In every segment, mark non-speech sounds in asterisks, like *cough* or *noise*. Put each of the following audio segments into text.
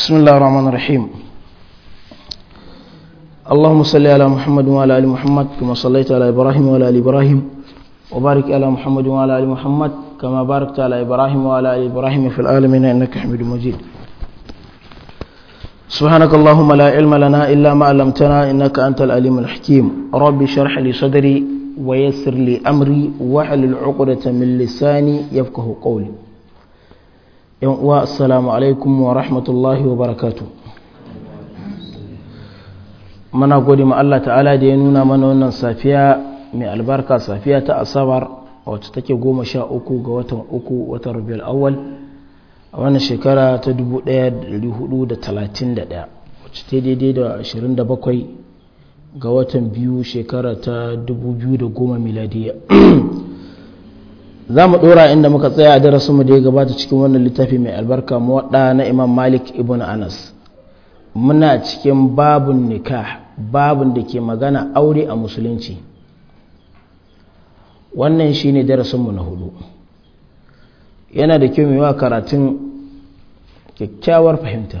بسم الله الرحمن الرحيم اللهم صل على محمد وعلى ال محمد كما صليت على ابراهيم وعلى ال ابراهيم وبارك على محمد وعلى ال محمد كما باركت على ابراهيم وعلى ال ابراهيم في العالمين انك حميد مجيد سبحانك اللهم لا علم لنا الا ما علمتنا انك انت العليم الحكيم ربي اشرح لي صدري ويسر لي امري واحلل عقدة من لساني يفقه قولي yan uwa assalamu alaikum wa rahmatullahi wa barakatu mana gode ma Allah ta'ala da ya nuna mana wannan safiya mai albarka safiya ta asabar wacce take goma sha uku ga watan uku watan rabiul awwal a wannan shekara ta 1431 wacce ta daidai da 27 ga watan biyu shekara ta 2010 miladiya za mu ɗora inda muka tsaya a darasin mu da ya gabata cikin wannan littafi mai albarka muwaɗa na imam malik ibn anas muna cikin babun nikah babun da ke magana aure a musulunci wannan shine mu na hudu yana da kyau mewa karatun kyakkyawar fahimta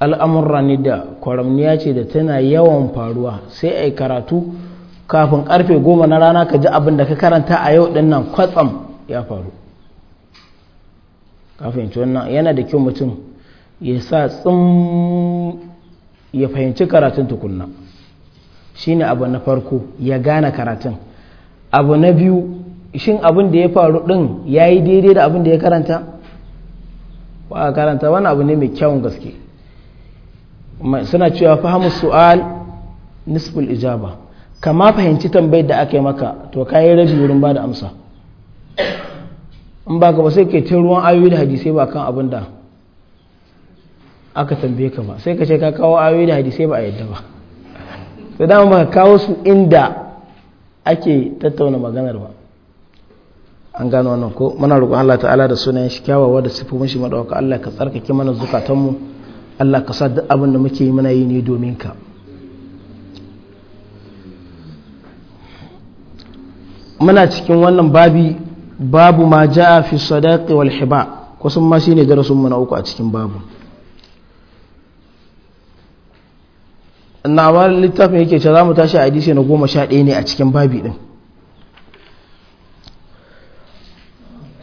al'amurra ne da kwaramniya ce da tana yawan faruwa sai a yi karatu kafin karfe goma na rana ka ji abin da ka karanta a yau din nan kwatsam ya faru kafin wannan yana da kyau mutum ya sa tsin ya fahimci karatun tukunna ne abu na farko ya gane karatun abu na biyu shin abin da ya faru ɗin ya yi daidai da abin da ya karanta ba a karanta wani abu ne mai kyawun gaske suna cewa fahimu su'al nisful ijaba kama fahimci tambayar da aka yi maka to ka yi rabi wurin ba da amsa in ba ka ba sai ke cin ruwan ayoyi da hadisai ba kan abin da aka tambaye ka ba sai ka ce ka kawo ayoyi da hadisai ba a yadda ba to dama ba kawo su inda ake tattauna maganar ba an gano wannan ko muna roƙon Allah ta'ala da sunayen shi kyawawa da sifofin shi madawaka Allah ka tsarkake mana zukatanmu Allah ka sa duk abin da muke yi muna yi ne domin ka muna cikin wannan babi babu ma ja'a fi sadaqi wal hiba kusan ma ne darasin mu na uku a cikin babu na wani littafin yake ce za mu tashi a hadisi na goma sha ɗaya ne a cikin babi ɗin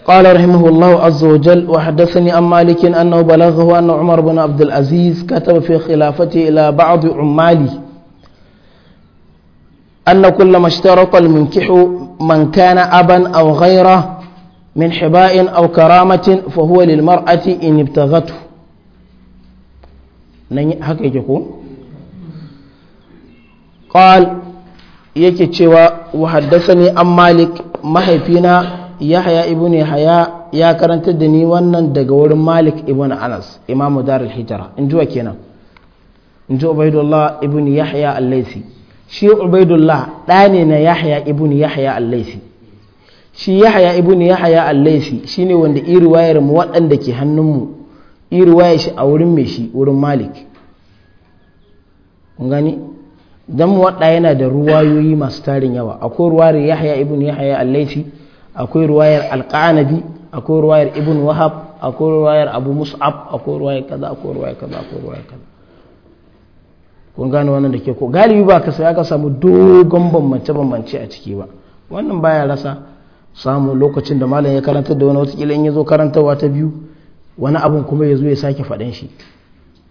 قال رحمه الله عز وجل وحدثني عن مالك أنه بلغه أن عمر بن عبد العزيز كتب في خلافته إلى بعض عماله أن كل اشترط المنكح من كان أبا أو غيره من حباء أو كرامة فهو للمرأة إن ابتغته هكا قال yake cewa ni an malik mahaifina yahya ibn yahya ya karanta da ni wannan daga wurin malik ibn anas imamu darul hijra ubaidullah ibn yahya al shi ubaidullah ɗa ne na yahya ibn yahya al shi yahya ibn yahya allaisi shine wanda iriwayar mu waɗanda ke hannunmu iriwayar shi a wurin mai shi wurin malik gani mu waɗa yana da ruwayoyi masu tarin yawa akwai ruwayar yahya ibn yahya al akwai ruwayar al-qanabi akwai ruwayar ibn wahab akwai ruwayar abu mus'ab akwai ruwayar kaza akwai ruwayar kaza akwai ruwayar kaza kun gane wannan da ke ko galibi ba ka sai aka samu dogon bambance bambance a ciki ba wannan baya rasa samu lokacin da malam ya karanta da wani watakila in ya zo karantawa ta biyu wani abin kuma ya zo ya sake faɗin shi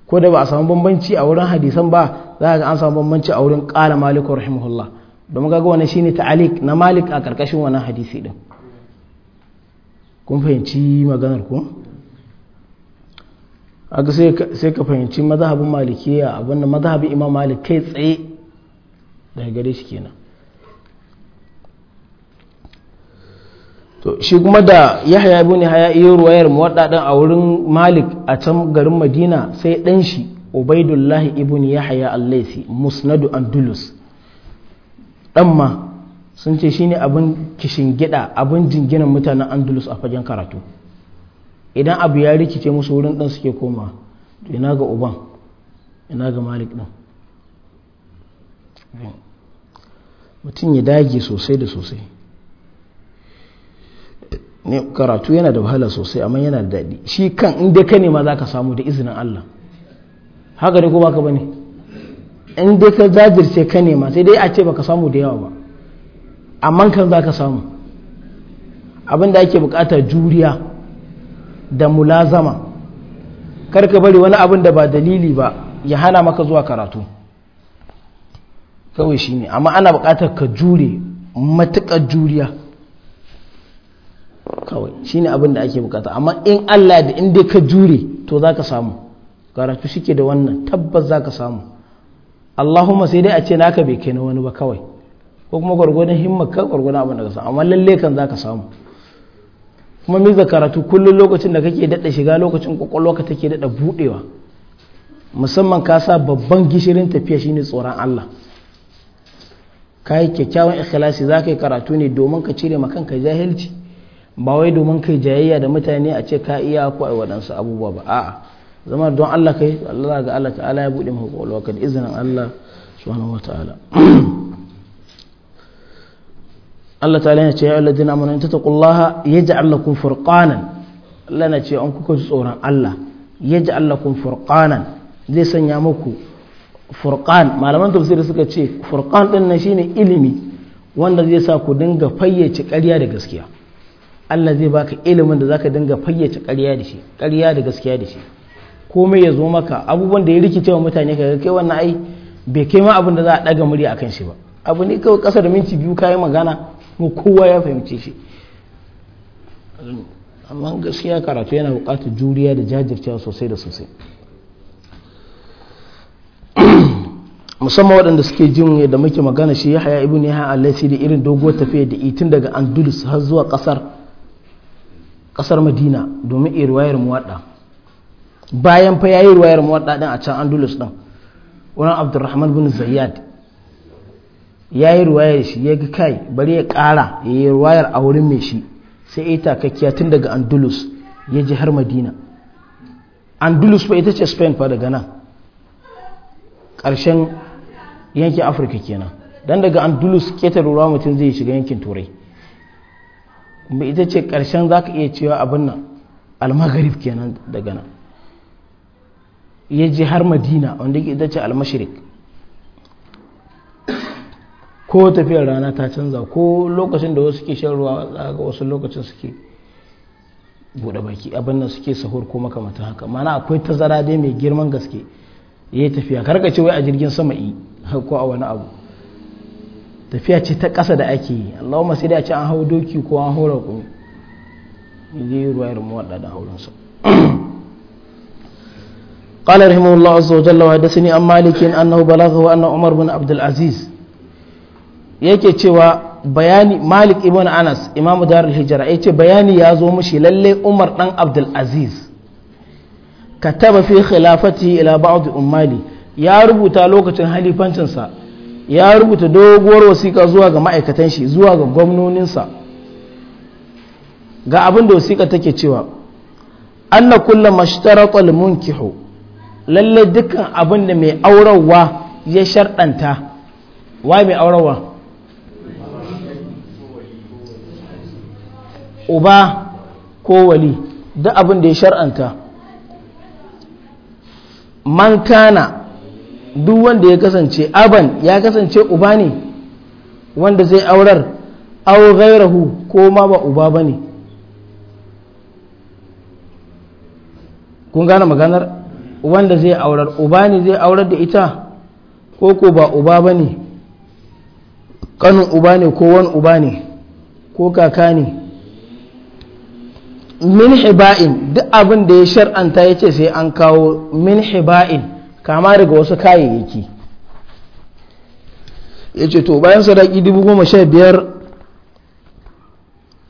ko da ba a samu bambanci a wurin hadisan ba za ga an samu bambanci a wurin ƙala malik rahimahullah domin wani shi shine ta'alik na malik a ƙarƙashin wannan hadisi din kun fahimci maganar ku aka sai ka fahimci mazhabin malikiya abin mazhabin imam malik kai tsaye daga gare shi kenan to shi kuma da yahya ibn haya iyo ruwayar muwaddadan a wurin malik a can garin madina sai dan shi ubaidullahi ibn yahya al-laythi musnadu andulus dan ma sun ce shine abin kishin gida abin jinginan mutanen andulus a fagen karatu idan abu ya rikice musu wurin ɗan suke koma to ina ga uban ina ga malik din. mutum ya dage sosai da sosai ne karatu yana da wahala sosai amma yana da daɗi shi kan inda ka nema za ka samu da izinin Allah haka ne ko baka bane in dai ka zajirce ka nema sai dai a ce baka samu da yawa ba amma kan za ka samu abin da ake bukata juriya da mulazama karka bari wani abin da ba dalili ba ya hana maka zuwa karatu kawai shi ne amma ana bukatar ka jure matuƙar juriya kawai shi ne abin da ake bukata amma in allah da inda ka jure to za ka samu karatu shi da wannan tabbas za ka samu allahumma sai dai a ce naka bai kai na wani ba kawai ko kuma gwargwadon himma ka gwargwadon abin da ka samu amma lalle kan za ka samu kuma miza karatu kullum lokacin da kake daɗa shiga lokacin ka take daɗa buɗewa musamman ka sa babban gishirin tafiya shine tsoron Allah ka yi kyakkyawan ikhlasi za ka yi karatu ne domin ka cire makan ka jahilci ba wai domin kai jayayya da mutane a ce ka iya ko a waɗansu abubuwa ba a'a zama don Allah kai Allah ga Allah ta'ala ya buɗe maka ka, da izinin Allah subhanahu wataala *clears throat* Allah ta'ala ya ce ya alladina amanu in tattaqullaha yaj'al lakum furqanan Allah na ce an kuka ji tsoron Allah yaj'al lakum furqanan zai sanya muku furqan malaman tafsiri suka ce furqan ɗin nan shine ilimi wanda zai sa ku dinga fayyace ƙarya da gaskiya Allah zai baka ilimin da zaka dinga fayyace ƙarya da shi ƙarya da gaskiya da shi komai ya zo maka abubuwan da ya rikice wa mutane kaga kai wannan ai bai kai ma abin da za a daga murya akan shi ba abu ne kawai kasar minti biyu kayi magana mu kowa ya fahimce shi amma gaskiya karatu yana bukatar juriya da jajircewa sosai da sosai *clears throat* musamman waɗanda suke jin da muke magana shi ya haya ibn yahya al-laisi da irin doguwar tafiya da itin daga andulus har zuwa ƙasar madina domin iya muwaɗa bayan fa yayi wayar muwaɗa ɗin a can andulus ɗin wurin abdulrahman bin zayyad ya yi ruwayar shi ya ga kai bari ya ƙara ya yi ruwayar a wurin mai shi sai ya yi takakkiya tun daga andalus ya ji har madina andalus ba ita ce spain fa daga nan ƙarshen yankin afirka kenan don daga andalus ƙetare ruwa mutum zai shiga yankin turai kuma ita ce ƙarshen za ka iya cewa abin nan almagarib kenan daga nan ya ji har madina wanda ita ce almashirik ko tafiyar rana ta canza ko lokacin da wasu ke shan ruwa ga wasu lokacin suke bude baki abin da suke sahur ko makamata haka mana akwai tazara dai mai girman gaske ya yi tafiya karkace wai a jirgin sama yi ko a wani abu tafiya ce ta ƙasa da ake yi allahu masu ce an hau doki ko an hau raƙumi yi ruwa irin waɗanda haurinsa قال رحمه الله عز وجل وحدثني عن مالك انه بلغه ان عمر بن عبد العزيز yake cewa bayani malik ibn anas imamu darul hijira ya ce bayani ya zo mushi lalle umar dan abdul aziz kataba fi khilafati ila ba'd ummali ya rubuta lokacin halifancinsa ya rubuta doguwar wasiƙa zuwa ga ma'aikatan shi zuwa ga gwamnoninsa ga abin da wasiƙa take cewa anna kullum mashtarata munkihu lalle dukkan abin da mai aurarwa ya sharɗanta wa mai aurarwa uba ko wali duk abin da ya shar'anta man kana duk wanda ya kasance aban ya kasance uba ne wanda zai aurar au gairahu ko ma ba uba ba ne kun gane maganar wanda zai aurar uba ne zai aurar da ita ko ko ba uba ba ne kanin uba ne ko wani uba ne ko kaka ne min hiba'in duk abin da ya shar'anta ya ce sai an kawo min hiba'in kama daga wasu kayayyaki ya ce to bayan sadaki dubu goma sha biyar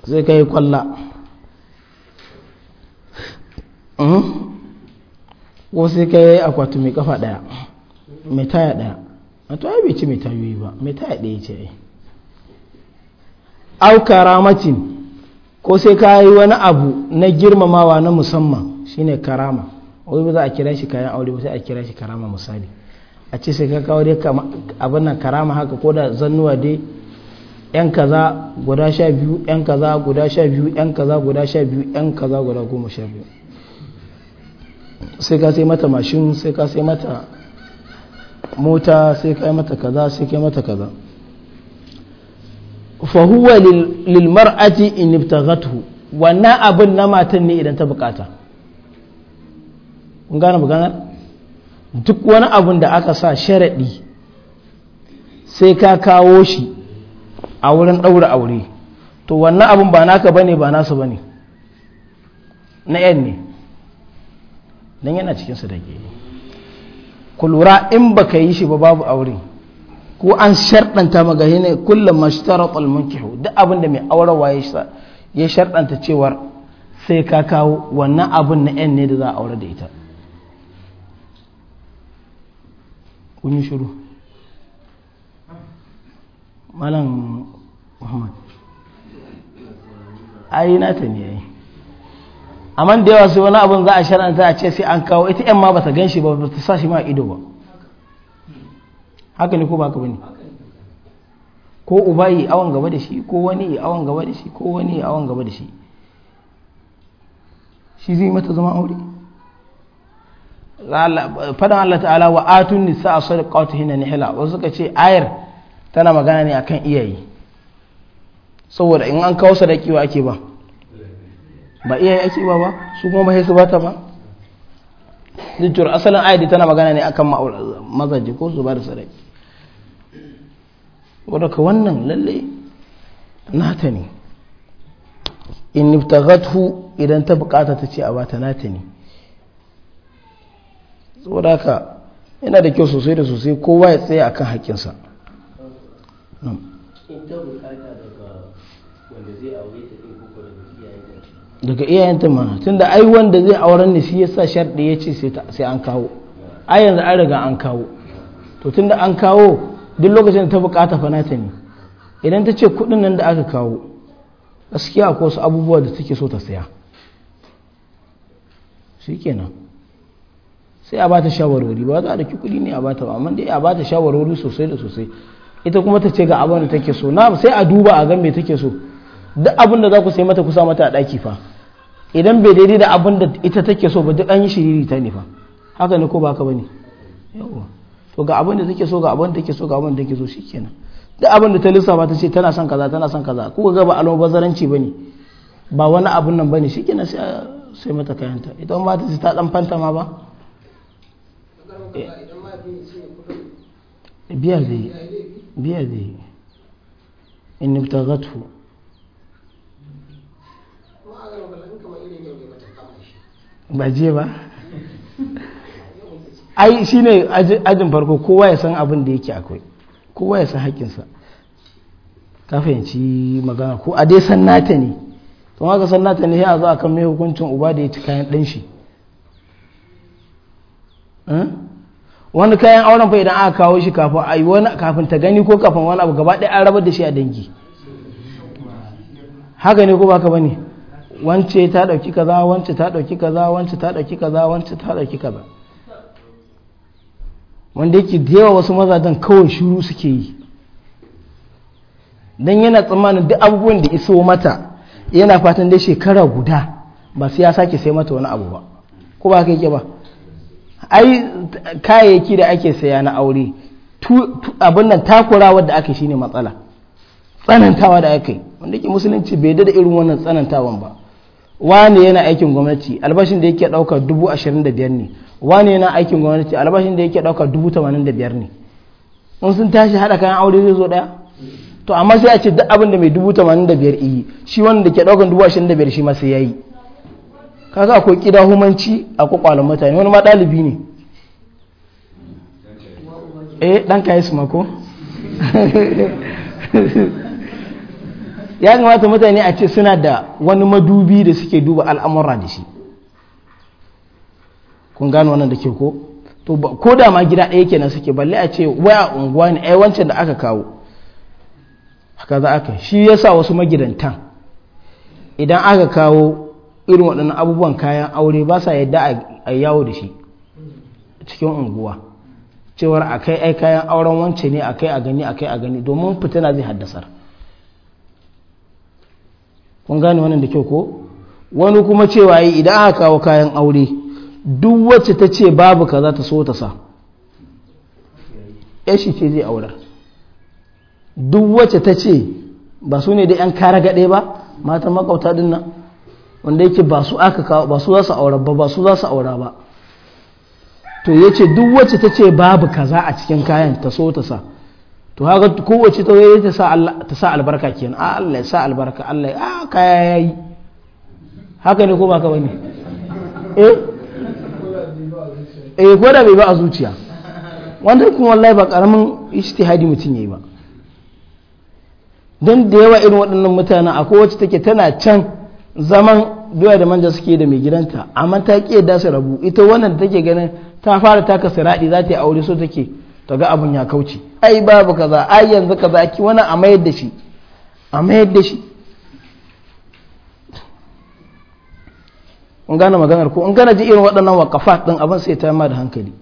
sai kai kwalla mhm. ko sai kai yi akwati mai kafa daya mai taya daya a to ya bai ci mai tayoyi ba mai taya daya ce ai aukara karamatin ko sai ka yi wani abu na girmamawa na musamman shine karama wai ba za a kira shi kayan aure ba sai a kira shi karama misali a ce sai ka kawo dai abin nan karama haka ko da zannuwa dai yan kaza guda sha biyu yan kaza guda sha biyu yan kaza guda sha biyu yan kaza guda goma sha biyu sai ka sai mata mashin sai ka sai mata mota sai ka yi mata kaza sai ka yi mata kaza fahuwa aji in ibtaghathu wannan abin na matan ne idan ta bukata kun gane maganar duk wani abin da aka sa sharaɗi sai ka kawo shi a wurin ɗaura aure to wannan abin ba naka bane ba nasu bane na yan ne don yana cikin sadaki ku lura in baka yi shi ba babu aure ko an sharɗanta maga ne kullum mashtarar almunkihu duk abin da mai aurawa ya sharɗanta cewar sai ka kawo wannan abin na yan ne da za a aure da ita kun yi shiru malam muhammad ayi na ta ne yayi amma da yawa sai wani abin za a sharɗanta a ce sai an kawo ita yan ma ba ta gan shi ba ba ta sa shi ma ido ba haka ne ko ba ka bane ko uba yi awon gaba da shi ko wani yi awon gaba da shi ko wani yi awon gaba da shi shi zai mata zama aure fadan Allah ta'ala wa atun nisa a sadaqatu hinna nihla wasu suka ce ayar tana magana ne akan iyaye saboda in an kawo sadaki wa ake ba ba iyaye ake ba ba su kuma bai ba bata ba duk asalin ayar tana magana ne akan mazaje ko su ba da sadaki wadaka wannan lalle nata ne in niftagathu idan ta bukata ta ce a bata nata ne saboda ka yana da kyau sosai da sosai kowa ya tsaye akan haƙinsa hmm. daga iyayenta mana tun da ai wanda zai auren ni shi ya sa sharɗi ya ce sai an kawo ai yanzu an riga an kawo to tun da an kawo duk lokacin da ta bukata fa nata ne idan ta ce kudin nan da aka kawo gaskiya ko wasu abubuwa da take so ta saya shi kenan sai a bata shawarwari ba za a daki kudi ne a bata ba amma dai a bata shawarwari sosai da sosai ita kuma ta ce ga abin da take so na sai a duba a ga me take so duk abin da za ku sai mata kusa mata a daki fa idan bai daidai da abin da ita take so ba duk an yi shiriri ta ne fa haka ne ko ba ka bane yawa to ga abin da take so ga abin da take so ga abin da take so shikenan duk abin da ta lissafa ta ce tana son kaza tana son kaza kuka ga ba bazaranci bane ba wani abun nan bane shikenan sai sai mata kayanta idan ba ta ce ta dan fanta ma ba eh, biya zai biya zai in ibtagathu ba je ba ai shi ne ajin farko kowa ya san abin da yake akwai kowa ya san haƙinsa ka fahimci magana ko a dai san nata ne don haka san nata ne ya zo kan mai hukuncin uba da ya ci kayan ɗin shi hmm? wani kayan auren fa idan aka kawo shi kafin wani kafin ta gani ko kafin wani abu gaba ɗaya an rabar da shi a dangi haka ne ko baka bane wance ta ɗauki kaza wance ta ɗauki kaza wance ta ɗauki kaza wance ta ɗauki kaza wanda yake da yawa wasu mazajen kawai shuru suke yi don yana tsammanin duk abubuwan da iso mata yana fatan dai shekara guda ba su ya sake sai mata wani abu ba ko ba kai ba ai kayayyaki da ake saya na aure abin nan takurawa da aka shine matsala tsanantawa da aka yi wanda yake musulunci bai da irin wannan tsanantawan ba wani yana aikin gwamnati albashin da yake ɗaukar dubu ashirin da biyar ne wane na aikin gwamnati albashin da yake ɗauka dubu tamanin da biyar ne in sun tashi haɗa kayan aure zai zo ɗaya to amma sai a ce duk abin da mai dubu tamanin da biyar iyi shi wanda ke ɗaukan dubu ashirin da biyar shi masu yayi ya yi kaga akwai ƙida humanci a kwakwalon mutane wani ma ɗalibi ne eh ɗan kayi su mako *laughs* ya kamata mutane a ce suna da wani madubi da suke duba al'amura da shi kun gano wannan da ke ko to ko da ma gida ɗaya kenan suke balle a ce waya unguwa ne ai wancan da aka kawo haka za aka shi yasa wasu magidantan idan aka kawo irin waɗannan abubuwan kayan aure ba sa yadda a yawo da shi cikin unguwa cewar a kai ai kayan auren wance ne kai a gani a kai a gani domin fitina zai haddasar kun gane wannan da kyau ko wani kuma cewa yi idan aka kawo kayan aure duk wacce ta ce babu kaza ta so ta sa ya shi ce zai aura duk wacce ta ce ba su ne da 'yan kara gaɗe ba matan makauta din nan wanda yake ba su aka kawo ba su za su aura ba ba su za su aura ba to ya ce duk wacce ta ce babu kaza a cikin kayan ta so ta sa to haka kowace ta wai ta sa albarka kenan a Allah ya sa albarka Allah ya kaya haka ne ko ba ka bane eh eh ko da bai ba a zuciya wanda kuma wallahi ba karamin ijtihadi mutum yayi ba dan da yawa irin waɗannan mutanen akwai wacce take tana can zaman doya da manja suke da mai gidanta amma ta ƙi da su rabu ita wannan da take ganin ta fara taka siraɗi za ta yi aure so take ta ga abin ya kauce ai babu kaza ai yanzu kaza ki wani a mayar da shi a mayar da shi in gane maganar ko in gane ji irin waɗannan waƙafa ɗin abin sai ta ma da hankali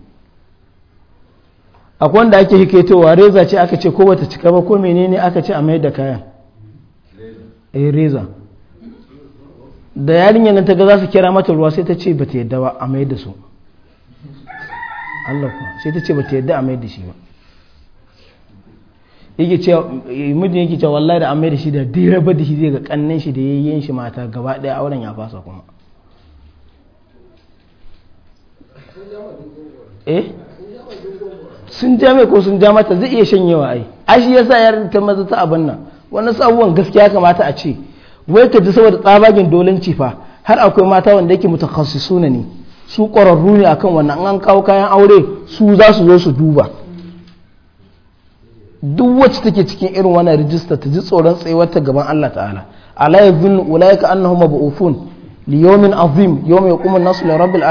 akwai wanda ake hiketowa reza ce aka ce ko bata cika ba ko menene aka ce a mai da kayan eh reza da yarinya nan ta ga za su kira mata ruwa sai ta ce bata yadda ba a mai da su Allah sai ta ce bata yadda a mai da shi ba yake ce mijin yake ce wallahi da a mai da shi da dira ba da shi zai ga kannan shi da yayyen shi mata gaba daya auren ya fasa kuma eh sun ja mai ko sun ja mata zai iya shanyewa ai a shi yasa yar ta maza ta abin nan wannan abubuwan gaskiya kamata a ce wai ta ji saboda tsabagen dolanci fa har akwai mata wanda yake mutakhasisuna ne su ƙwararru ne akan wannan an kawo kayan aure su za su zo su duba duk wacce take cikin irin wannan rijista ta ji tsoron tsayuwar ta gaban Allah ta'ala ala yazunnu ulaika annahum mab'ufun li yawmin azim yawma yaqumu an-nasu li rabbil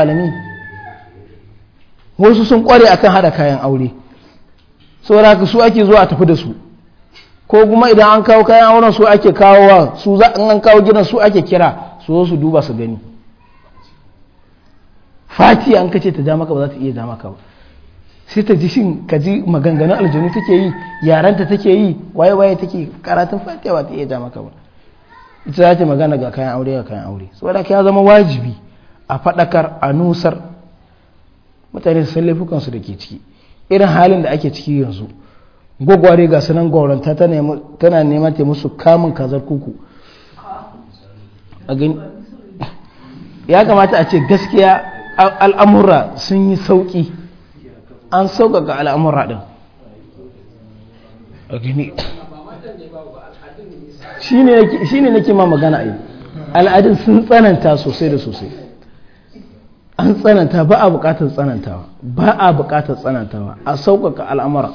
wasu sun kware akan hada kayan aure saboda haka su ake zuwa a tafi da su ko kuma idan an kawo kayan auren su ake kawowa su za in an kawo gidan su ake kira su zo su duba su gani fati an kace ta ja maka ba za ta iya ja maka ba sai ta ji shin ka ji maganganun aljanu take yi yaranta take yi waye waye take karatun fati ba ta iya ja maka ba ita za ta magana ga kayan aure ga kayan aure saboda ka ya zama wajibi a faɗakar a nusar mutane su san laifukansu da ke ciki irin halin da ake ciki yanzu gwagware ga sunan gwauranta tana neman ta musu kamun kazar kuku ya kamata a ce gaskiya al'amura sun yi sauƙi an sauƙaƙa al'amura ɗin a gani shi ne nake ma magana a yi al'adun sun tsananta sosai da sosai an tsananta ba a buƙatar tsanantawa ba a buƙatar tsanantawa a sauƙaƙa al'amura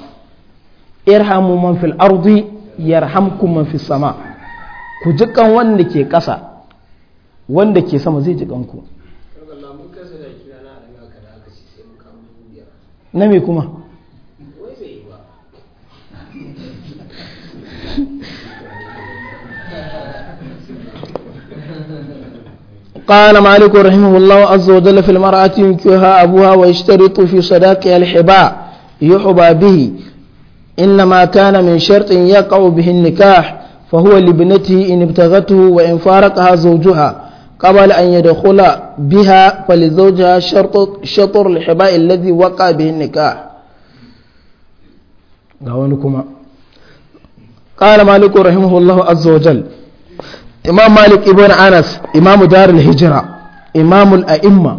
irhamu man fil ardi yarhamkum man fis sama ku jikan wanda ke ƙasa wanda ke sama zai jikan ku na me kuma قال مالك رحمه الله عز وجل في المرأة ينكها أبوها ويشترط في صداقها الحباء يحبى به إنما كان من شرط يقع به النكاح فهو لابنته إن ابتغته وإن فارقها زوجها قبل أن يدخل بها فلزوجها شرط شطر الحباء الذي وقع به النكاح قال مالك رحمه الله عز وجل imam malik ibn anas imamu al-hijra hijira imamul a'imma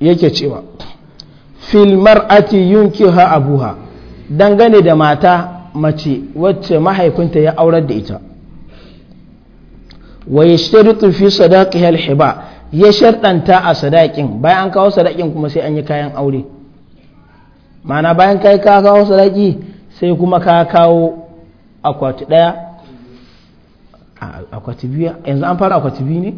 yake cewa fil mar'ati yunkiha abuha dangane da mata mace wacce mahaifinta ya aurar da ita wa yashtaritu fi sadaqiha al-hiba ya shartanta a sadakin bayan an kawo sadakin kuma sai an yi kayan aure mana bayan kai ka kawo sadaki sai kuma ka kawo akwati daya Ah, akwati biyu yanzu an fara akwati biyu ne eh?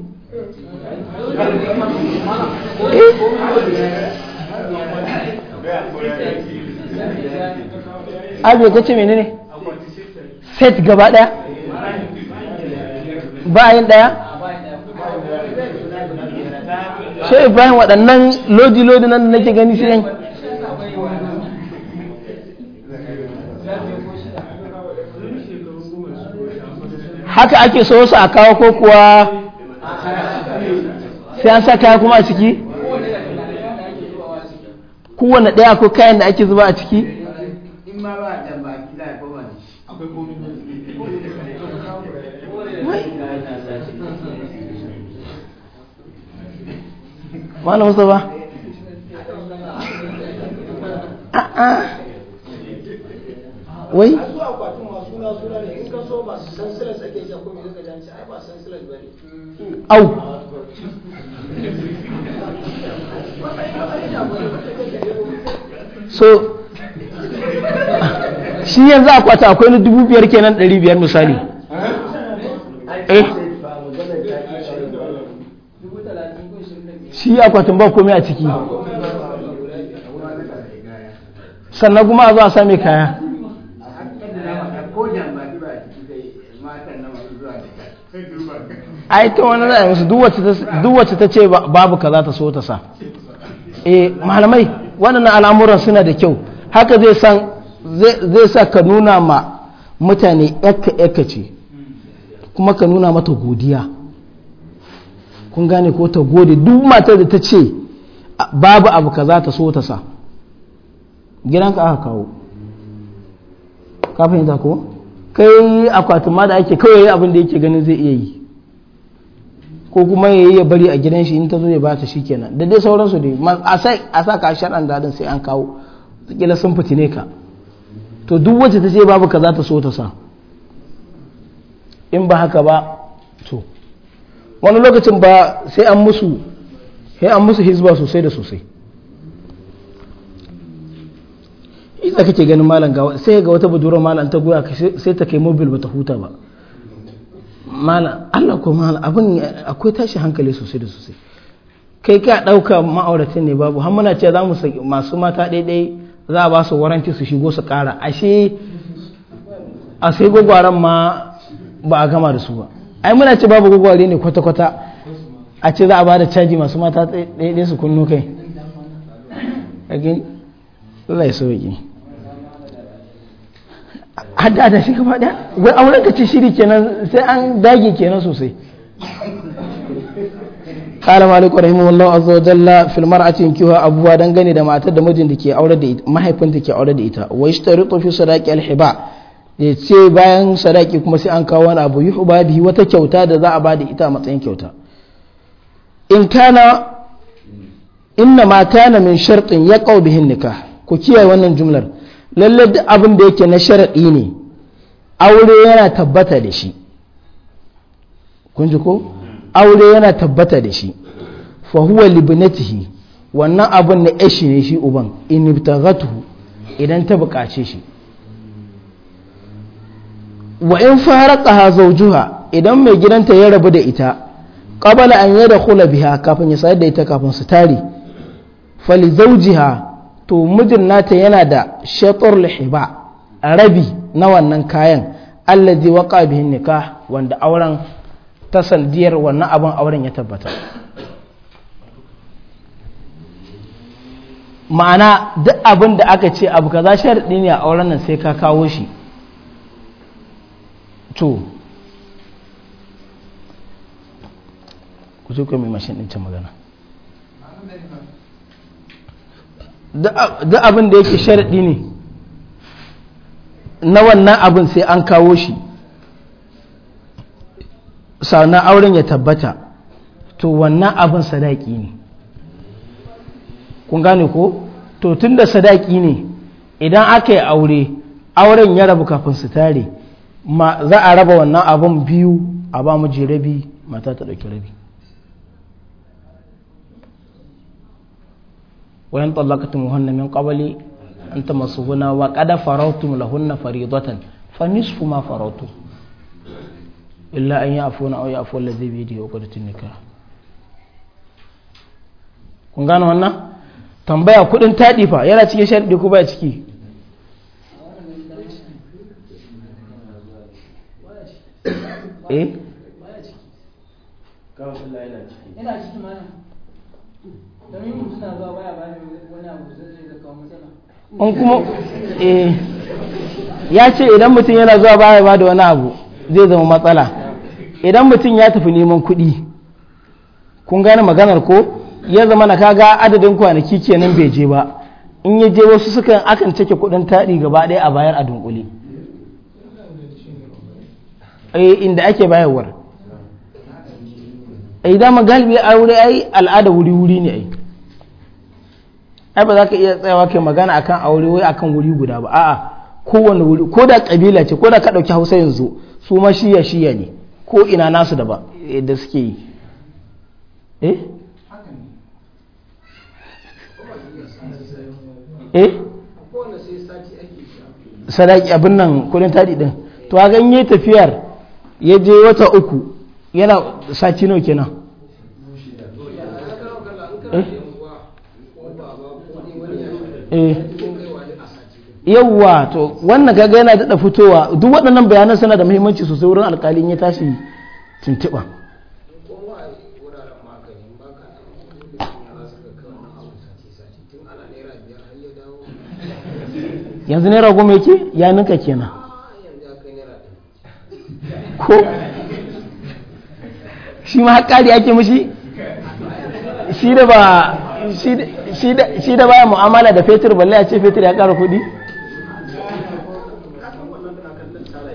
abu ka ce menene set gaba daya bayan daya shi bayan waɗannan lodi-lodi nan da nake gani sai haka ake so su a kawo ko kuwa sai an sa kaya kuma a ciki kowane ɗaya ko kayan da ake zuba a ciki ba a'a ah, ah. wai au so shi yanzu akwata akwai na dubu biyar kenan ɗari biyar misali eh? shi akwatin ba komai a ciki sannan kuma a zo a same kaya ai ta wani ra'ayi musu duk wacce ta ce babu ka za ta so ta sa eh malamai waɗannan al'amuran suna da kyau haka zai sa ka nuna ma mutane yakka yakka ce kuma ka nuna mata godiya kun gane ko ta gode duk matar da ta ce babu abu ka za ta so ta sa gidanka aka kawo kafin fahimta ko kai akwatin ma da ake kawai yayi abin da yake ganin zai iya yi ko kuma yi ya bari a gidan shi in ta zo ya ba shi kenan da dai sauransu ne a sa ka shar'an dadin sai an kawo kila sun ne ka to duk wacce ta ce babu ka za ta so ta sa in ba haka ba to wani lokacin ba sai an musu sai an musu hizba sosai da sosai idan kake ganin malam ga sai ga wata budurwar malam ta goya sai ta kai mobil bata huta ba malam Allah ko malam abin akwai tashi hankali sosai da sosai kai ka dauka ma'auratin ne babu har muna cewa zamu masu mata daidai za a ba su waranti su shigo su kara ashe a sai gwagwaran ma ba a gama da su ba ai muna ce babu gwagware ne kwata-kwata a ce za a ba da caji masu mata daidai su kunnu kai Again, let's begin. hada shi gaba daya wai auren ka ce shiri kenan sai an dage kenan sosai قال مالك رحمه الله filmar وجل في المرأة abubuwa don gani da matar da mijin da ke aure da ita mahaifinta ke aure da ita wa yashtaritu fi sadaqi al-hiba ce bayan sadaki kuma sai an kawo wani abu yuhuba bihi wata kyauta da za a ba da ita a matsayin kyauta in kana inna mata kana min shartin ya bihin nikah ku kiyaye wannan jumlar lalle duk abin da yake na sharaɗi ne aure yana tabbata da shi kun ji ko aure yana tabbata da shi fa huwa libnatihi wannan abin na yashi ne shi uban in ibtaghatuhu idan ta buƙace shi wa in faraqaha zawjuha idan mai gidanta ya rabu da ita qabala an yadkhula biha kafin ya sayar da ita kafin su tare fali zawjiha to mijin nata yana da shatar a rabi na wannan kayan allazi wa bihin nikah wanda auren ta sandiyar wannan abin auren ya tabbata ma'ana duk abin da aka ce abu kaza sharaɗi ne a auren nan sai ka kawo shi to ku zo mai mashin ɗin magana Da abin da yake sharaɗi ne na wannan abin sai an kawo shi sannan auren ya tabbata to wannan abin sadaki ne kun gane ko to tun da sadaki ne idan aka yi aure auren ya rabu kafin su tare za a raba wannan abin biyu a ba mu rabi mata ta ɗauki rabi وإن طلقتموهن من قبل أن تمسوهن وقد فرضتم لهن فريضة فنصف ما فرضتم إلا أن يعفون أو يعفو الذي بيده عقدة النكاح kun gano wannan tambaya kudin taɗi fa yana cikin sharɗi ko ba ciki eh in kuma eh, ya ce idan mutum yana zuwa baya ba da wani abu zai zama matsala idan mutum ya tafi neman kuɗi kun gane maganar ko ya zama na kaga adadin kwanaki kenan bai je ba in ya je wasu sukan akan cike kuɗin taɗi gaba ɗaya a bayar a dunkule eh inda ake bayarwar ai dama galibi a wuri ai al'ada wuri wuri ne ai ai ba za ka iya tsayawa kai magana akan aure wai akan wuri guda ba a'a kowane wuri ko da kabila ce ko da ka dauki Hausa yanzu su ma shiya shiya ne ko ina nasu da ba eh, da suke yi eh eh sadaki abin nan kudin tadi din to a ganye tafiyar ya je wata uku yana sati nawa kenan eh. yawwa to wannan gaga yana dada fitowa duk waɗannan bayanan suna da muhimmanci sosai wurin alkalin ya tashi tuntuɓa yanzu naira goma yake ya ninka kenan ko shi ma haƙari ake mishi shi da ba shi baya mu'amala da fetur balle a ce fetur ya ƙara kuɗi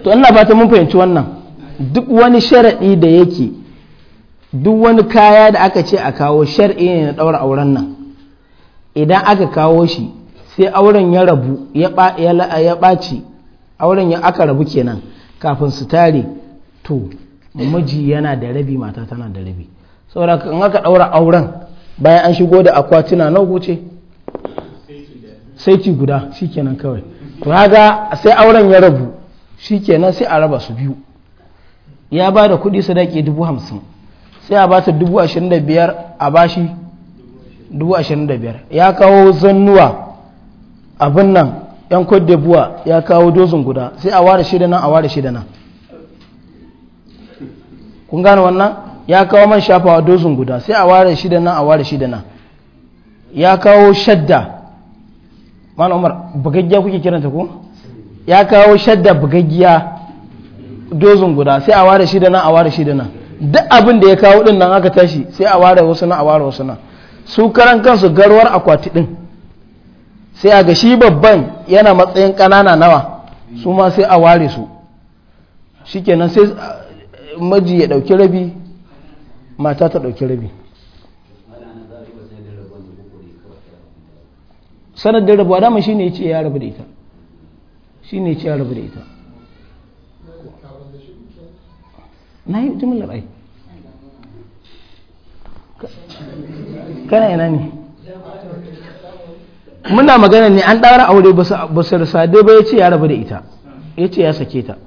to ina fata mun fahimci wannan duk wani sharaɗi da yake duk wani kaya da aka ce a kawo shar'i ne na ɗaura auren nan idan aka kawo shi sai auren ya rabu ya ɓaci auren ya aka rabu kenan kafin su tare to miji yana da rabi mata tana da rabi saboda in aka daura auren bayan an shigo da akwatuna nawa wuce saiti guda shikenan kawai to sai auren ya rabu shikenan sai a raba su biyu ya ba da kudi sadaki dubu hamsin sai a bata dubu ashirin da biyar a bashi dubu ashirin da biyar ya kawo zannuwa abin nan yan cote buwa ya kawo dozin guda sai a ware shida nan a ware shida nan kun gane wannan ya kawo man shafawa dozin guda sai a ware shi da nan a ware shi da nan ya kawo shadda man umar bugaggiya kuke kiranta ko ya kawo shadda bugaggiya dozin guda sai a ware shi da nan a ware shi da nan duk abin da ya kawo din nan aka tashi sai a ware wasu nan a ware wasu nan su karan kansu garwar akwati din sai a ga shi babban yana matsayin kanana nawa su ma sai a ware su shikenan sai maji ya dauki rabi mata ta dauki rabi sanadin rabuwa dama shi ne ce ya rabu da ita shi ne ce ya rabu da ita na yi jimlar ai kana yana ne muna magana ne an ɗara aure ba su dai ba ya ce ya rabu da ita ya ce ya sake ta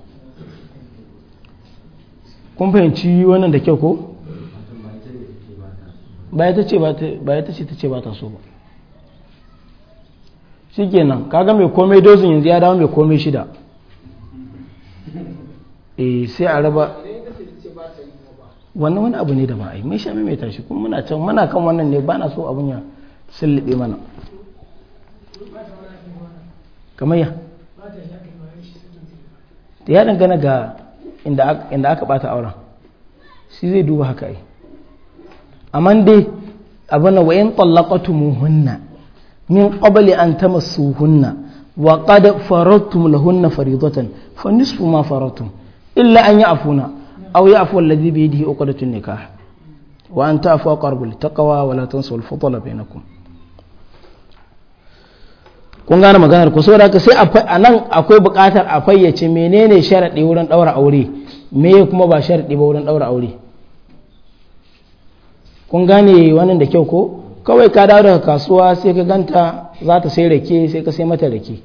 kun fahimci wannan da kyau ko ba ya ce ta ce ba ta so ba shi kenan kaga mai komai dozin yanzu ya dawo mai komai shida e sai a raba wannan wani abu ne da ba a yi mai sha mai tashi kuma muna can muna kan wannan ne ba na so abun ya sulluɓe mana kamar ya ta ya dangana ga inda aka bata auren shi zai duba haka yi amma dai abin wa in hunna, min qabli an hunna, wa qad faradtum lahunna faridatan fa nisfu ma faradtum illa an ya'funa aw ya'fu alladhi bi yadihi uqdatun nikah wa an ta'fu aqrabu littaqwa wa la tansu al-fadla bainakum kun gane maganar ku saboda haka sai a nan akwai buƙatar a fayyace menene sharaɗi wurin ɗaura aure me kuma ba sharaɗi ba wurin ɗaura aure kun gane wannan da kyau ko kawai ka dawo daga kasuwa sai ka ganta za ta sai rake sai ka sai mata rake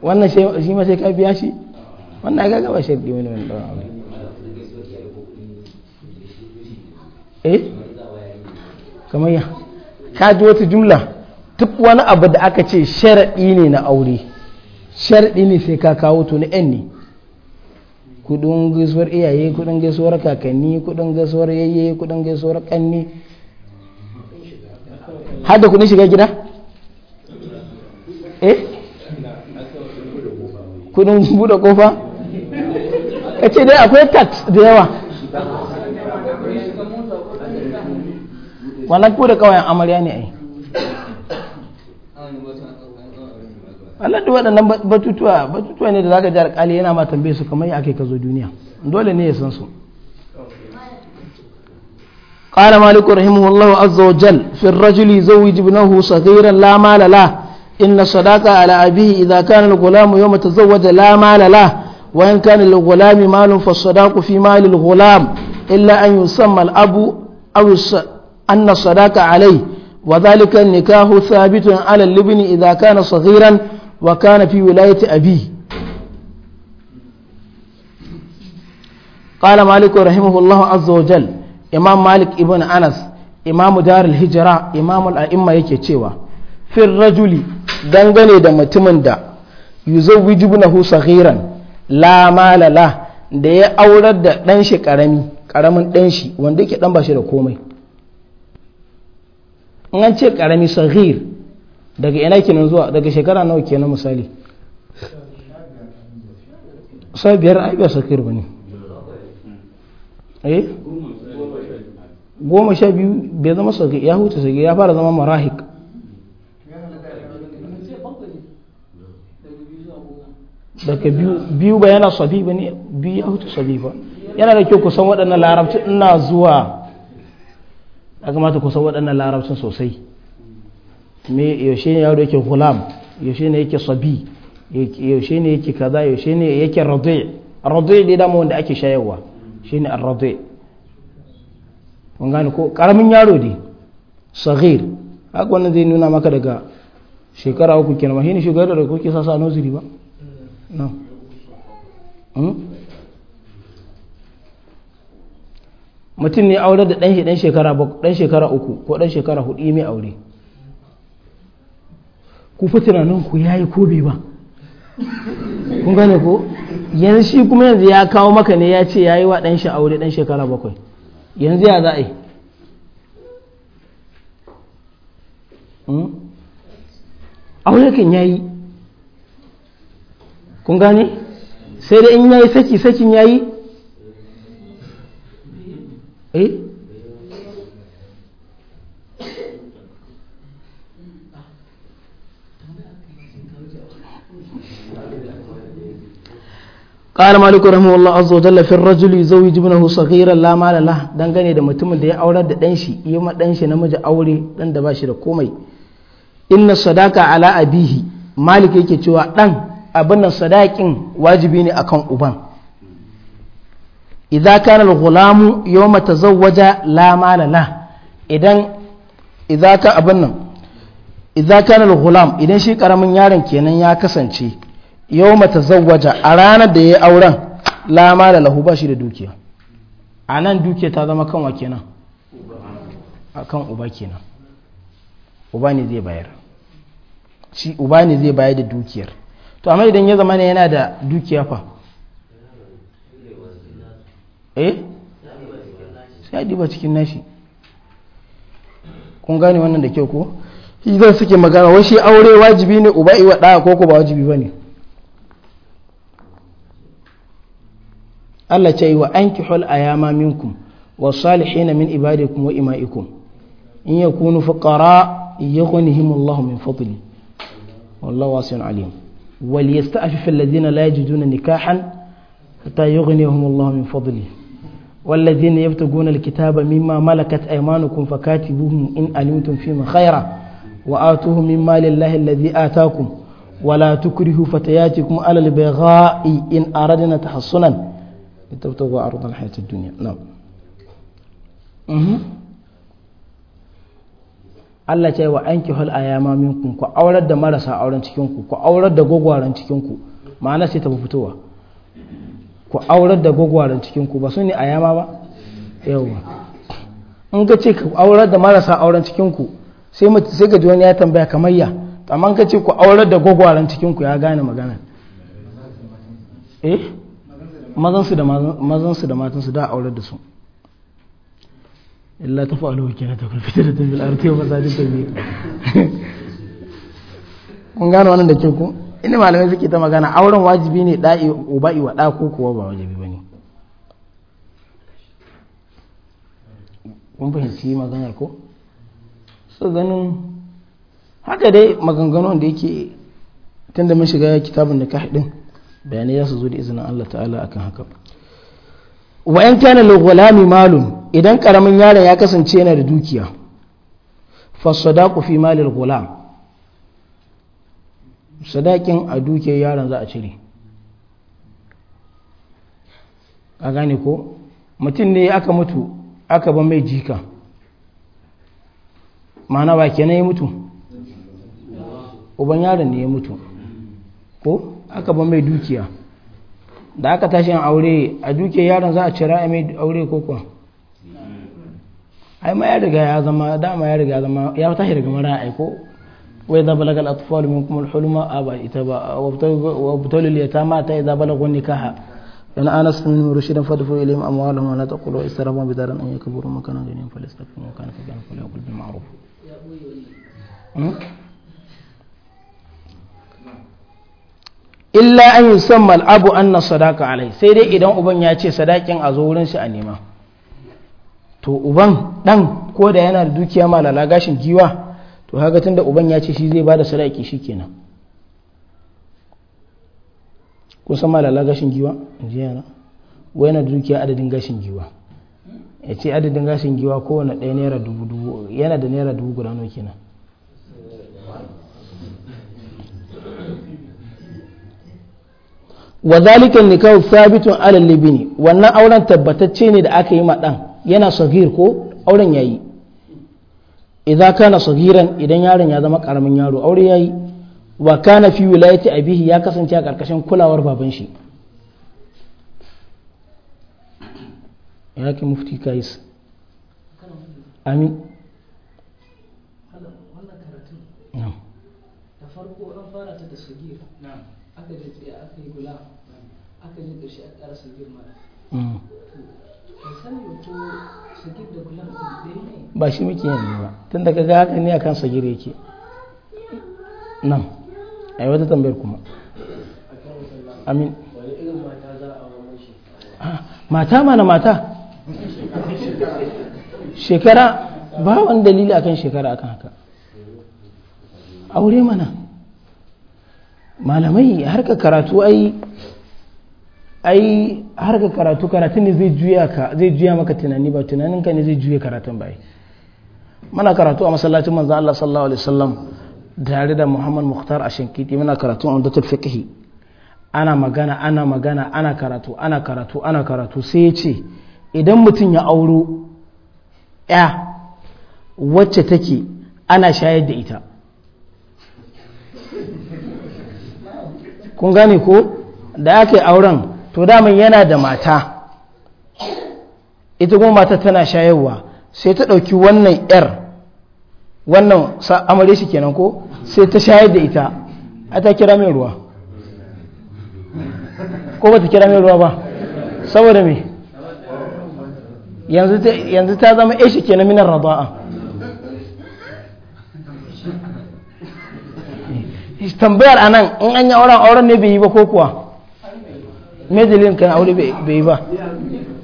wannan shi ma sai ka biya shi wannan ya gaba sharaɗi wani wani ɗaura aure eh kamar ya kaji wata jumla duk wani abu da aka ce sharaɗi ne na aure sharaɗi ne sai ka kawo to na ne kudin gaisuwar iyaye kudin gaisuwar kakanni kudin gaisuwar yayye kudin gaisuwar kanni har da kudin shiga gida eh kudin buɗe kofa ka ce dai akwai tax da yawa wannan ko da kawayen amarya ne ai Allah da waɗannan batutuwa batutuwa ne da zaka ji alƙali yana ma tambaye su kamar ya ake ka zo duniya dole ne ya san su قال مالك رحمه الله عز وجل في الرجل زوج ابنه صغيرا لا مال له إن الصداقة على أبيه إذا كان الغلام يوم تزوج لا مال له وإن كان للغلام مال فالصداق في مال الغلام إلا أن يسمى الأب أو أن الصداق عليه وذلك النكاه ثابت على الابن إذا كان صغيرا وكان في ولاية أبيه قال مالك رحمه الله عز وجل إمام مالك ابن أنس إمام دار الهجرة إمام الأئمة يكتشوا في الرجل دنغني دمتمن دا يزوج ابنه صغيرا لا مال له da ya aurar da ɗan shi ƙarami ƙaramin ɗan shi wanda yake ɗan ba shi da komai in an ce karami sahir daga ina kenan zuwa daga shekara nawa kenan misali sai biyar ai ba sahir ne? eh goma sha biyu bai zama sahir ya huta sahir ya fara zama marahik daga biyu ba yana sabi ba ne biyu ya huta sabi ba yana da kyau kusan waɗannan larabci ina zuwa ya kamata kusan waɗannan larabcin sosai me yaushe ne yaro yake hulam yaushe ne yake sabi yaushe ne yake kaza yaushe ne yake radai radai dai dama wanda ake shayarwa ne al radai kun gane ko karamin yaro ne saghir haka wannan zai nuna maka daga shekara uku kenan ma ne shugaba da kuke sasa nozuri ba hmm? mutum ne aure da ɗan shekara shekara uku ko ɗan shekara hudu mai aure ku fi tunanin ku ya yi kobe ba kun gane ko yanzu shi kuma yanzu ya kawo maka ne ya ce ya yi wa ɗan shi aure ɗan shekara bakwai yanzu ya za a yi hmm? aure kan yi kun gane sai da in ya yi saki sakin ya yi. eh قال مالك رحمه الله عز وجل في الرجل يزوج ابنه صغيرا لا dangane da mutumin da ya aurar da dan shi yi ma dan shi namiji aure dan da bashi da komai inna sadaka ala abihi malik yake cewa dan abin nan sadakin wajibi ne akan uban idza kana al-ghulamu yawma tazawwaja la mala la idan idza ka abin nan idza kana al-ghulam idan shi karamin yaron kenan ya kasance yawma tazawwaja a ranar da yayi auren la mala lahu ba shi da dukiya anan dukiya ta zama kanwa kenan akan uba kenan uba ne zai bayar shi uba ne zai bayar da dukiyar to amma idan ya zama ne yana da dukiya fa eh sai diba cikin nashi kun gane wannan da kyau ko idan suke magana wai shi aure wajibi ne uba iwa ɗaya ko ko ba wajibi bane ne Allah ce wa an ayama minkum wa min ibadikum wa ima'ikum in yakunu fuqara yughnihim Allah min fadli wallahu wasi'un alim wal yasta'fifu alladhina la yajiduna nikahan hatta yughnihum Allah min fadlihi والذين يبتغون الكتاب مما ملكت أيمانكم فكاتبوهم إن علمتم فيهم خيرا وآتوهم مما لله الذي آتاكم ولا تكرهوا فتياتكم على البغاء إن أردنا تحصنا لتبتغوا عرض الحياة الدنيا نعم Allah ce wa an kihul a yama minku ku aurar da marasa auren cikinku ku aurar da gwagwaran cikinku ma'ana sai ta fitowa ku aurar da gwagwaran cikin ku ba su ne a yama ba yawa in ka ce ku aurar da marasa auren cikin ku sai ka ji wani ya tambaya kamar ya amma ka ce ku aurar da gwagwaran cikin ku ya gane magana eh mazansu da mazansu da matansu da aurar da su illa ta fa'alu kenan ta kun fitar da tumbil arti wa masajin tumbil *laughs* kun gane wannan da ke ku inda malamai suke ta magana auren wajibi ne da'i uba'i wa ɗaku ko kuwa ba wajibi ba ne kun fahimci maganar ko su ganin haka dai maganganu da yake tunda mun shiga kitabun da kahidin bayanai za su zo da izinin Allah ta'ala akan haka wa yan kana lil malum idan karamin yaron ya kasance yana da dukiya fasoda ku fi malar gulam sadakin a duke yaron za a cire a gane ko mutum ne aka mutu aka ban mai jika mana ba na ya mutu uban yaron ne ya mutu ko aka ban mai dukiya da aka tashi an aure a duke yaron za a cira a mai aure ko ai ma ya riga ya zama dama ya riga zama ya tashi daga mara aiko wai ya balaga al'adar ta kuma luhurma a ba ita ba a wabta ta wani liyata ma a taɓa daɓa wa nika ha ina anas na nima rashid fadfan ilima a mahalar muhallar ta kulawa sarrafa bidaran a iya kaburin makaranta ne ma falestafan wakana ta gani kula kulɗumar. illa an yi musamman abu ana sadaka alai sai dai idan uban ya ce sadakin azo wurin shi a nima to uban dan kodayana da dukiya ma gashin giwa. to haka tun da uban ya ce shi zai bada sadaki kenan kun san malala gashin giwa inji yana wai na dukiya adadin gashin giwa ya ce adadin gashin giwa kowane ɗaya naira dubu dubu yana da naira dubu guda nawa kenan wa zalika nikahu thabitun ala libini wannan auren tabbatacce ne da aka yi ma dan yana sagir ko auren yayi idan kana sagiran idan yaron ya zama karamin yaro aure yayi wa kana fi wilayati abihi ya kasance a karkashin kulawar baban shi ya ki mufti kais amin farko an fara ta da aka aka yi gula aka ba shi muke yanzu ba tun da kaga haka ne akan sagir yake nan yi wata tambayar kuma amin mata mana mata shekara ba wani dalili akan shekara akan haka aure mana malamai harka karatu ai ai har ka karatu karatun ne zai juya ka zai juya maka tunani ba tunanin ka ne zai juya karatun ba muna karatu a masallacin manzo Allah sallallahu alaihi wasallam tare da Muhammad Mukhtar a Shinkiti mana karatu a Umdatul Fiqhi ana magana ana magana ana karatu ana karatu ana karatu sai ya ce idan mutum ya auro ya wacce take ana shayar da ita kun gane ko da aka yi auren to daman yana da mata ita kuma mata tana shayarwa sai ta ɗauki wannan yar wannan amare shi kenan ko sai ta shayar da ita a ta kira mai ruwa ko ba ta kira mai ruwa ba saboda me yanzu ta zama ishi kenan minar raba'a tambayar anan in an yi auren auren ne bai yi ba ko kuwa medellin kan aure bai ba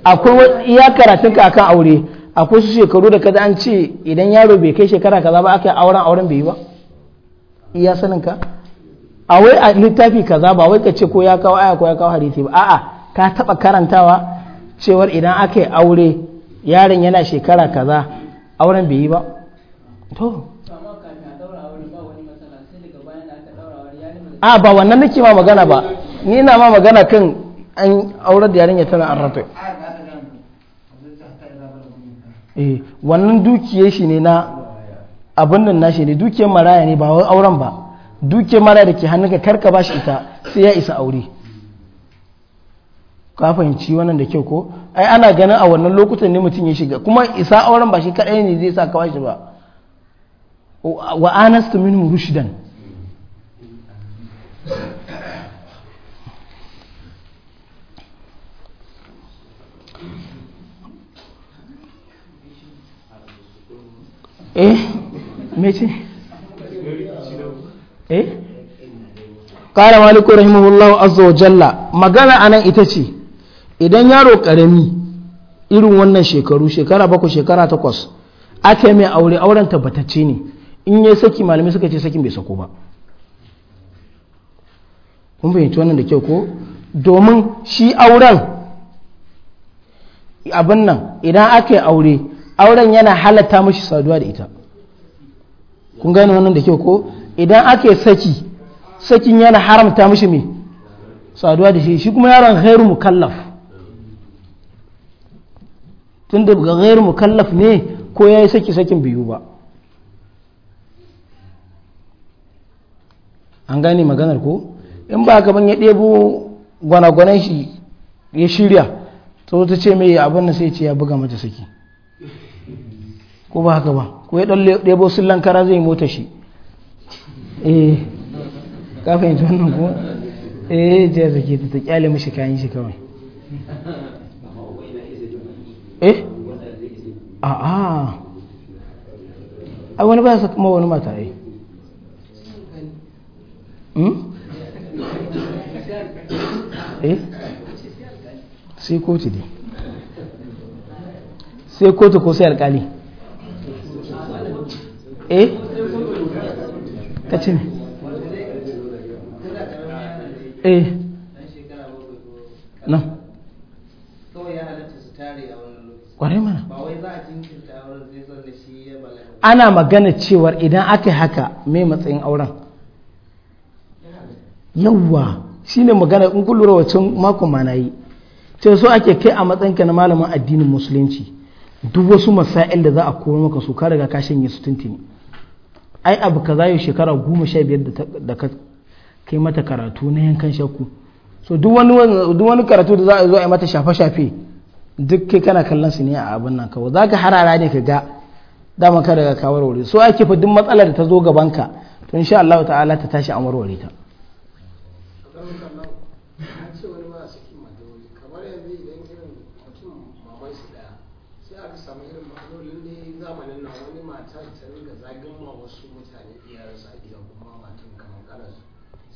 akwai ya karatun ka akan aure akwai su shekaru da kaza an ce idan yaro bai kai shekara kaza ba aka auren auren bai ba iya sanin ka a wai a littafi kaza ba wai ka ce ko ya kawo aya ko ya kawo hadisi ba a'a ka taba karantawa cewar idan aka yi aure yaron yana shekara kaza auren bai yi ba to a ba wannan nake ma magana ba ni na ma magana kan an aurar da yarinya tana an eh wannan dukiyar shi ne na abin nan nashi ne dukiyar maraya ne ba wai auren ba dukiyar maraya da ke ka karka ba shi ita sai ya isa aure ka fahimci wannan da kyau ko ai ana ganin a wannan lokutan ne mutum ya shiga kuma isa auren ba shi kadai ne zai sa ka shi ba wa anastu minhum rushdan eh mece eh ƙara maliku rahimahullahu azza wa jalla magana anan ita ce idan yaro ƙarami irin wannan shekaru shekara baku shekara takwas ake mai aure auren tabbatacce ne in ya saki malamai suka ce sakin bai sako ba kun fahimci wannan da kyau ko domin shi auren abin nan idan ake aure auren yana halatta mashi saduwa da ita kun gane wannan da kyau ko idan ake saki sakin yana haramta mashi mai saduwa da shi shi kuma yaron ghairu mukallaf tun da ga ghairu mukallaf ne ko ya yi saki sakin biyu ba an gane maganar ko in ba gaban ya ɗebo gwanagwanan shi ya shirya ta ta ce mai abin da sai ce ya buga mata saki ko ba haka ba ko ya dan ɗebo sullan kara zai mota shi eh ka fahimci wannan ko eh je ke ta kyale mishi kayan shi kawai eh a'a a wani ba sa kuma wani mata eh eh sai kotu dai sai kotu ko sai alkali eh, eh. ana magana cewar idan aka yi haka mai matsayin auren yawwa shine magana in kun lura makon ma yi ce so ake kai a matsayinka na malamin addinin musulunci duk wasu masail da za a koyar maka su ka riga kashin shanye su tuntuni ai abu ka zayo shekara goma sha biyar da ka kai mata karatu na yankan shakku so duk wani karatu da za a zo a yi mata shafe-shafe duk kai kana kallon su ne a abin nan kawai za ka harara ne ka ga dama ka daga kawar warware so ake fa duk matsalar da ta zo gaban ka. to insha Allah ta'ala ta tashi a warware ta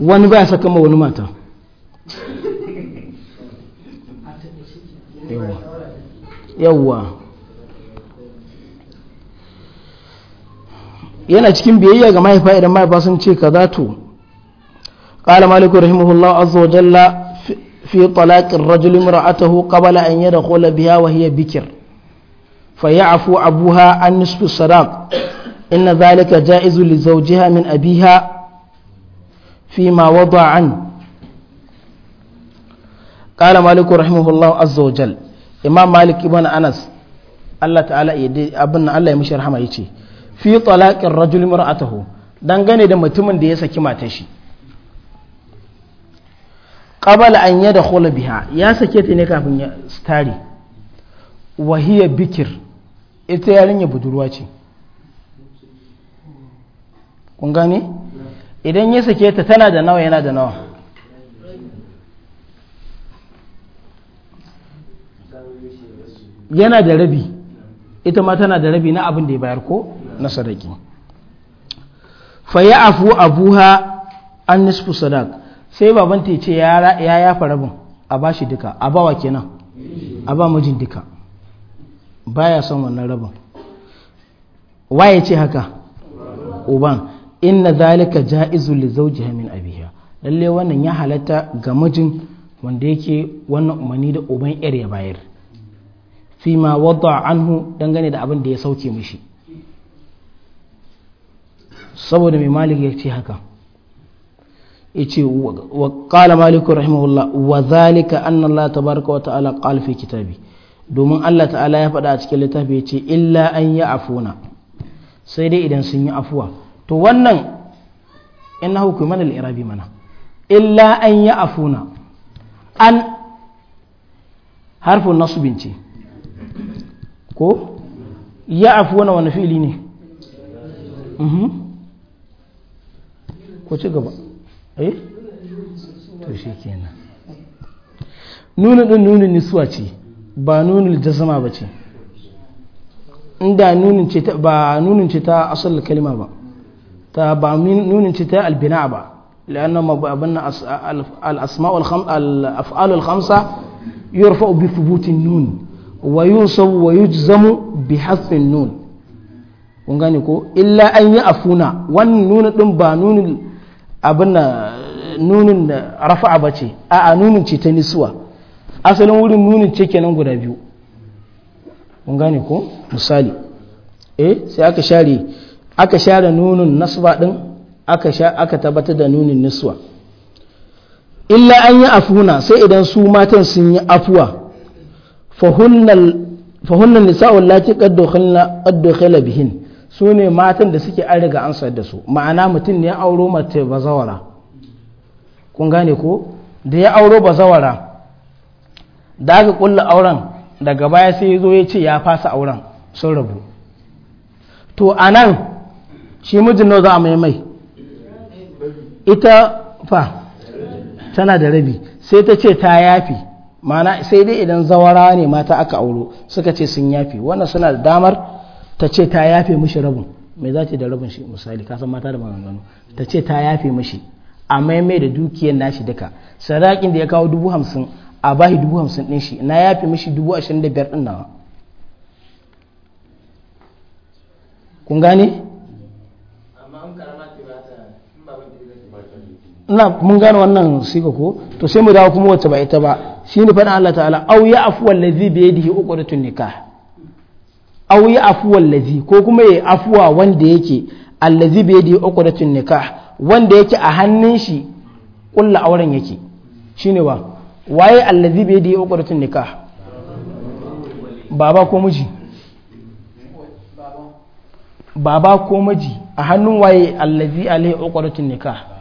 wani ya saka ma wani mata yawwa yana cikin biyayya ga mahaifa idan mahaifa sun ce ka za to ƙala maliku rahimahullah azza wa jalla fi talaƙin rajulun ra'atahu qabala an yada kola biya wa hiya bikir fa afu abuha an nisfu sadaq inna zalika ja'izu li zawjiha min abiha فيما وضع عنه قال مالك رحمه الله عز وجل إمام مالك ابن أنس الله تعالى يدي أبن الله يمشي رحمه يتي في طلاق الرجل مرأته dangane da mutumin da ya saki matar shi qabala an da khula biha ya sake ta ne kafin ya stari wahiya bikir ita yarinya budurwa ce idan ya sake ta tana da nawa yana da nawa yana da rabi ita ma tana da rabi na abin da ya bayar ko na sadaki fa ya afu abuha an nisfu sadak sai babanta ya ce ya yafa rabin a ba shi duka a bawa kenan a ba mijin duka baya son wannan rabin waye ce haka uban inna zalika jaizu li zawjiha min abiha lalle wannan ya halatta ga mijin wanda yake wannan umarni da uban yar ya bayar fi ma wadda anhu dangane da abin da ya sauke mishi saboda mai malik ya ce haka yace wa qala malik rahimahullah wa zalika anna allah tabaraka wa ta'ala qala fi kitabi domin allah ta'ala ya faɗa a cikin littafi yace illa an ya afuna sai dai idan sun yi afuwa to wannan innahu kuma lil irabi mana illa an ya afuna an harfin nasu binci, ko ya afuna wani fili ne mhm. ko ci gaba eh to shi kenan nunin ɗin nuna nisuwa ce ba nuna jazama ba ce inda nunin ce ta asalin nunin ce ta kalima ba ta ba nunin ce ta albina ba la'anna abin al-asma'ul al'af'alul afalul khamsa yurfa bi thubutin nun wa yusab wa yujzamu bi hasfin nun kun gane ko illa an yi afuna wannan nuna din ba nunin abin na nunin rafa'a ba ce a a nunin ce ta nisuwa asalin wurin nunin ce kenan guda biyu kun gane ko misali eh sai aka share aka share nunin nasba din aka sha aka tabbatar da nunin niswa illa an yi afuna sai idan su matan sun yi afuwa fahunnan nisa'ul lati qaddukhala bihin su ne matan da suke an riga an da su ma'ana mutum ne ya auro mace bazawara kun gane ko da ya auro bazawara da aka kulla auren daga baya sai ya ya ce ya fasa auren sun rabu to anan shi mijin nawa za a mai mai ita fa tana da rabi sai ta ce ta yafi mana sai dai idan zawara ne mata aka auro suka ce sun yafi wannan suna da damar ta ce ta yafe mishi rabin mai za da rabin shi misali kasan mata da maganganu ta ce ta yafe mishi a maimai da dukiyar nashi duka sadakin da ya kawo dubu hamsin a bashi dubu hamsin din shi na yafe mishi dubu ashirin da biyar din nawa kun gane na mun gane wannan siga ko to sai mu dawo kuma wacce ba ita ba shine faɗin Allah ta'ala aw ya afu wallazi bi yadihi uqdatun nikah aw ya afu wallazi ko kuma ya afuwa wanda yake allazi bi yadihi uqdatun nikah wanda yake a hannun shi kullu auren yake shine wa waye allazi bi yadihi uqdatun nikah baba ko miji baba ko miji a hannun waye allazi alai uqdatun nikah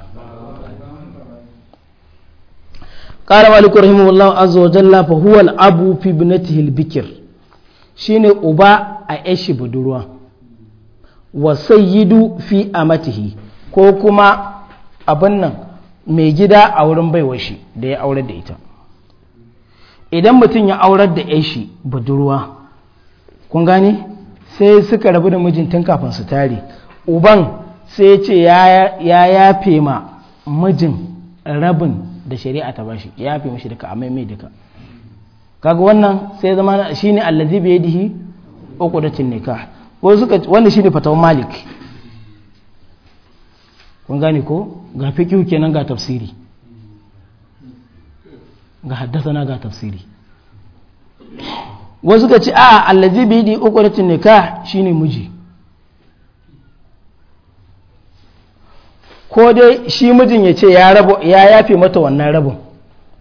ƙara wa alikwar himu Allah azu wa jalla fa huwa al’abu fi binatu hilbikir uba a eshi budurwa wa sai yi du a matihi ko kuma abin nan mai gida a wurin baiwa shi da ya aurar da ita idan mutum ya aurar da eshi budurwa kun gani sai suka rabu da mijin kafin su tare uban sai ce ya yafe ma mijin rabin da shari'a ta bashi ya fi mashi duka amma mai duka kaga wannan sai zama shi ne allazi bai yadihi uqdatun nikah ka wanda shi ne fatawan malik kun gane ko ga fiqh kenan ga tafsiri ga haddasa ga tafsiri wasu ka ci a allazi bi yadihi uqdatun shi ne muji. ko dai shi mijin ya ce ya yafe mata wannan rabin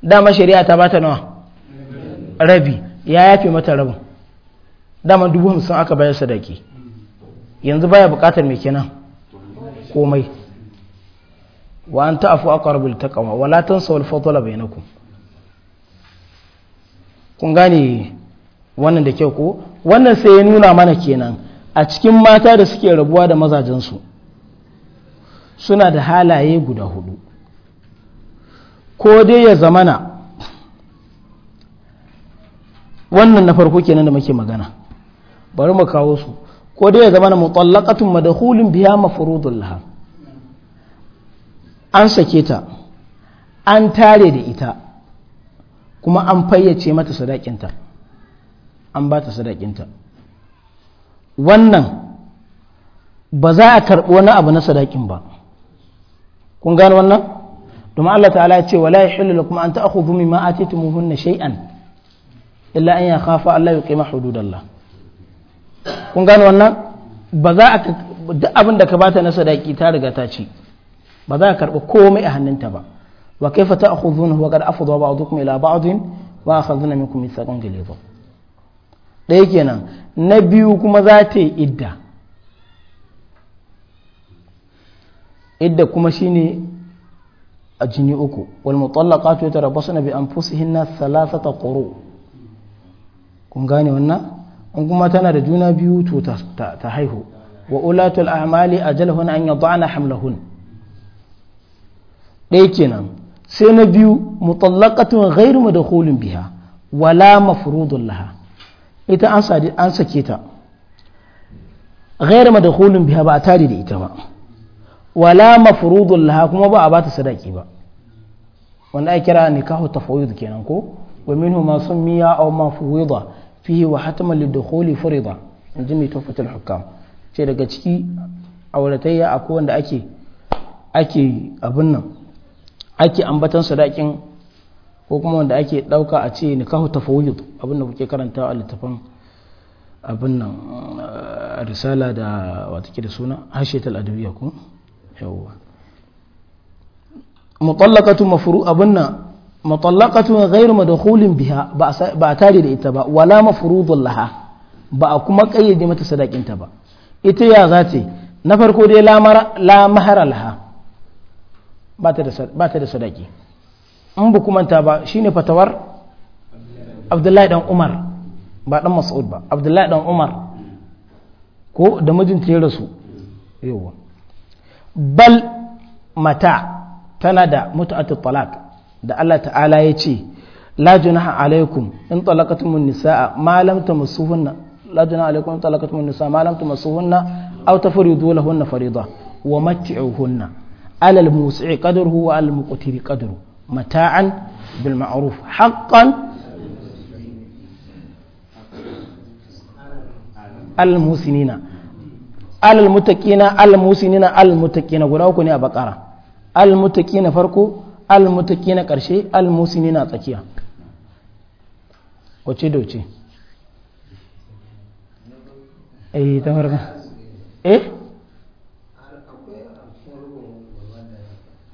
dama shari'a ta bata nawa rabi ya yafe mata rabin dama dubu hamsin aka bayar sadaki yanzu baya bukatar mai kenan komai wa an ta'afu aqrabul taqwa wa la tansaw al fadla bainakum kun gane wannan da kyau ko wannan sai ya nuna mana kenan a cikin mata da suke rabuwa da mazajensu suna da halaye guda hudu ko dai ya zamana wannan na farko kenan da muke magana bari mu kawo su ko dai ya zamana mutallaqatun madkhulun biya mafrudul laha an sake ta an tare da ita kuma an fayyace mata sadakinta an ba ta sadakinta wannan ba za a karɓi wani abu na sadakin ba kun gano wannan domin Allah ta'ala ce wala yahillu lakum an ta'khudhu mimma atitumuhunna shay'an illa an yakhafa Allah yuqima hududallah kun gano wannan ba za a duk abin da ka bata na sadaki ta riga ta ci ba za ka karɓi komai a hannunta ba wa kaifa ta'khudhunahu wa qad afdha ba'dukum ila ba'din wa akhadhna minkum mithaqan ghalidha dai kenan na biyu kuma za ta yi idda idda kuma shine a jini uku wal mutallaqatu suna bi anfusihinna thalathata quru kun gane wannan in kuma tana da juna biyu to ta haihu wa ulatul a'mali ajalhun an yad'ana hamlahun ɗaya kenan sai na biyu mutallaqatun ghairu madkhulin biha wala mafrudun laha ita an sake ta ghairu madkhulin biha ba a tare da ita ba wala mafurudun laha kuma ba a bata sadaki ba wanda ake kira nikahu tafawid kenan ko wa minhu ma summiya aw mafwida fihi wa hatman lidukhuli furida inji mai tufatul hukam ce daga ciki auratayya akwai wanda ake ake abin nan ake ambatan sadakin ko kuma wanda ake dauka a ce nikahu tafawid abin da kuke karanta a littafin abin nan eh, risala da wata ke da suna hashe tal yawwa mutallaqatu mafru abunna mutallaqatu ghayr madkhulin biha ba a tare da ita ba wala mafrudun laha ba a kuma kayyade mata sadakinta ba ita ya za ce na farko dai la mahara laha ba ta da sadaki in ba kuma ta ba shine fatawar abdullahi dan umar ba dan mas'ud ba abdullahi dan umar ko da mijinta ya rasu yawa bal mata tana da mutu'atu talak da Allah ta'ala ya ce la junaha alaikum in talaqatumun nisaa ma lam tamassuhunna la junaha alaikum in talaqatumun nisaa ma lam tamassuhunna aw tafridu lahunna farida wa matti'uhunna ala al-musi'i qadruhu wa al-muqtiri qadruhu mata'an bil ma'ruf haqqan al-musinina alal mutaqina al musinina al mutaqina guda uku ne a bakara al mutaqina farko al mutaqina karshe al musinina tsakiya wace da wace eh ta farko eh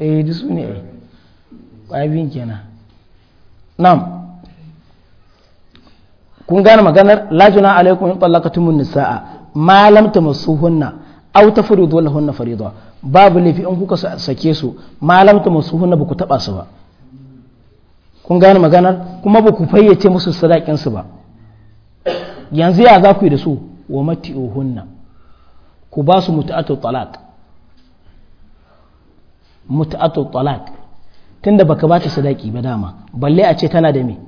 eh disu ne eh ƙwabin kenan nam kun gane maganar lajuna alaikum in tsallakatumun nisa'a ma lam tamassuhunna aw tafridu hunna farida babu laifi in kuka sake su malamta masu hunna ba ku su ba kun gane maganar kuma ba ku fayyace musu sadakinsu ba yanzu ya za ku yi da su wa mati'uhunna ku ba su mutu'atu talak mutu'atu tunda baka ba ta sadaki ba dama balle a ce tana da me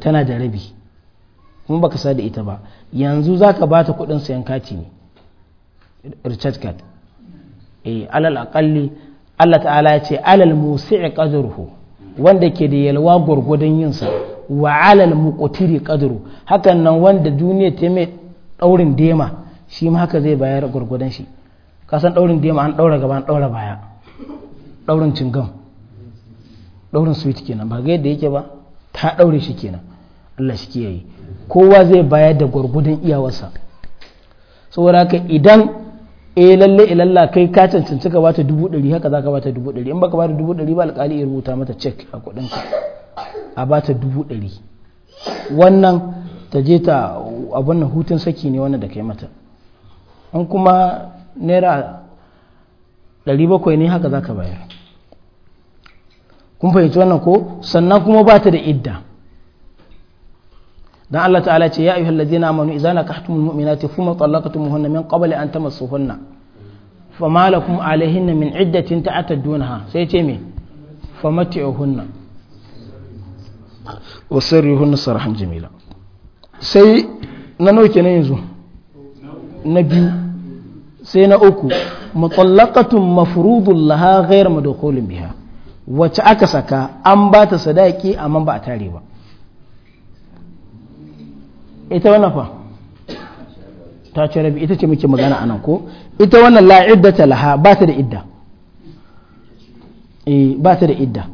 tana da rabi kuma baka sa da ita ba yanzu za ka ba ta kuɗin sayan kati ne richard card eh alal akalli allah ta'ala ya ce alal musi'i qadruhu wanda ke da yalwa gwargwadon yinsa wa alal muqtiri qadru hakan nan wanda duniya ta mai daurin dema shi ma haka zai bayar gwargwadon shi kasan daurin dema an daura gaba an daura baya daurin cingam daurin sweet kenan ba ga yadda yake ba ta daure shi kenan Allah shi kiyaye kowa zai bayar da gwargudun iyawarsa saboda haka idan eh lalle ilalla eh, kai ka cancanci ka bata dubu ɗari haka za ka bata dubu ɗari in baka bata dubu ɗari ba alƙali ya rubuta mata cek a kuɗin ka a bata dubu ɗari wannan ta je ta abin nan hutun saki ne wannan da kai mata in kuma naira ɗari bakwai ne haka za ka bayar kun fahimci wannan ko sannan kuma bata da idda dan Allah ta'ala ce ya ayyuhal ladzina amanu idza nakahtumul mu'minati thumma talaqtumuhunna min qabli an tamassuhunna fama lakum alaihinna min iddatin ta'tadunaha sai ce me famati'uhunna wa sarrihunna sarhan jamila sai na nauke na yanzu na biyu sai na uku mutallaqatun mafrudun laha ghayr madkhulin biha wacce aka saka an ba ta sadaki amma ba a tare ba ita wannan fa ta ce rabi ita ce muke magana anan ko ita wannan la iddata laha ba ta da idda eh ba ta da idda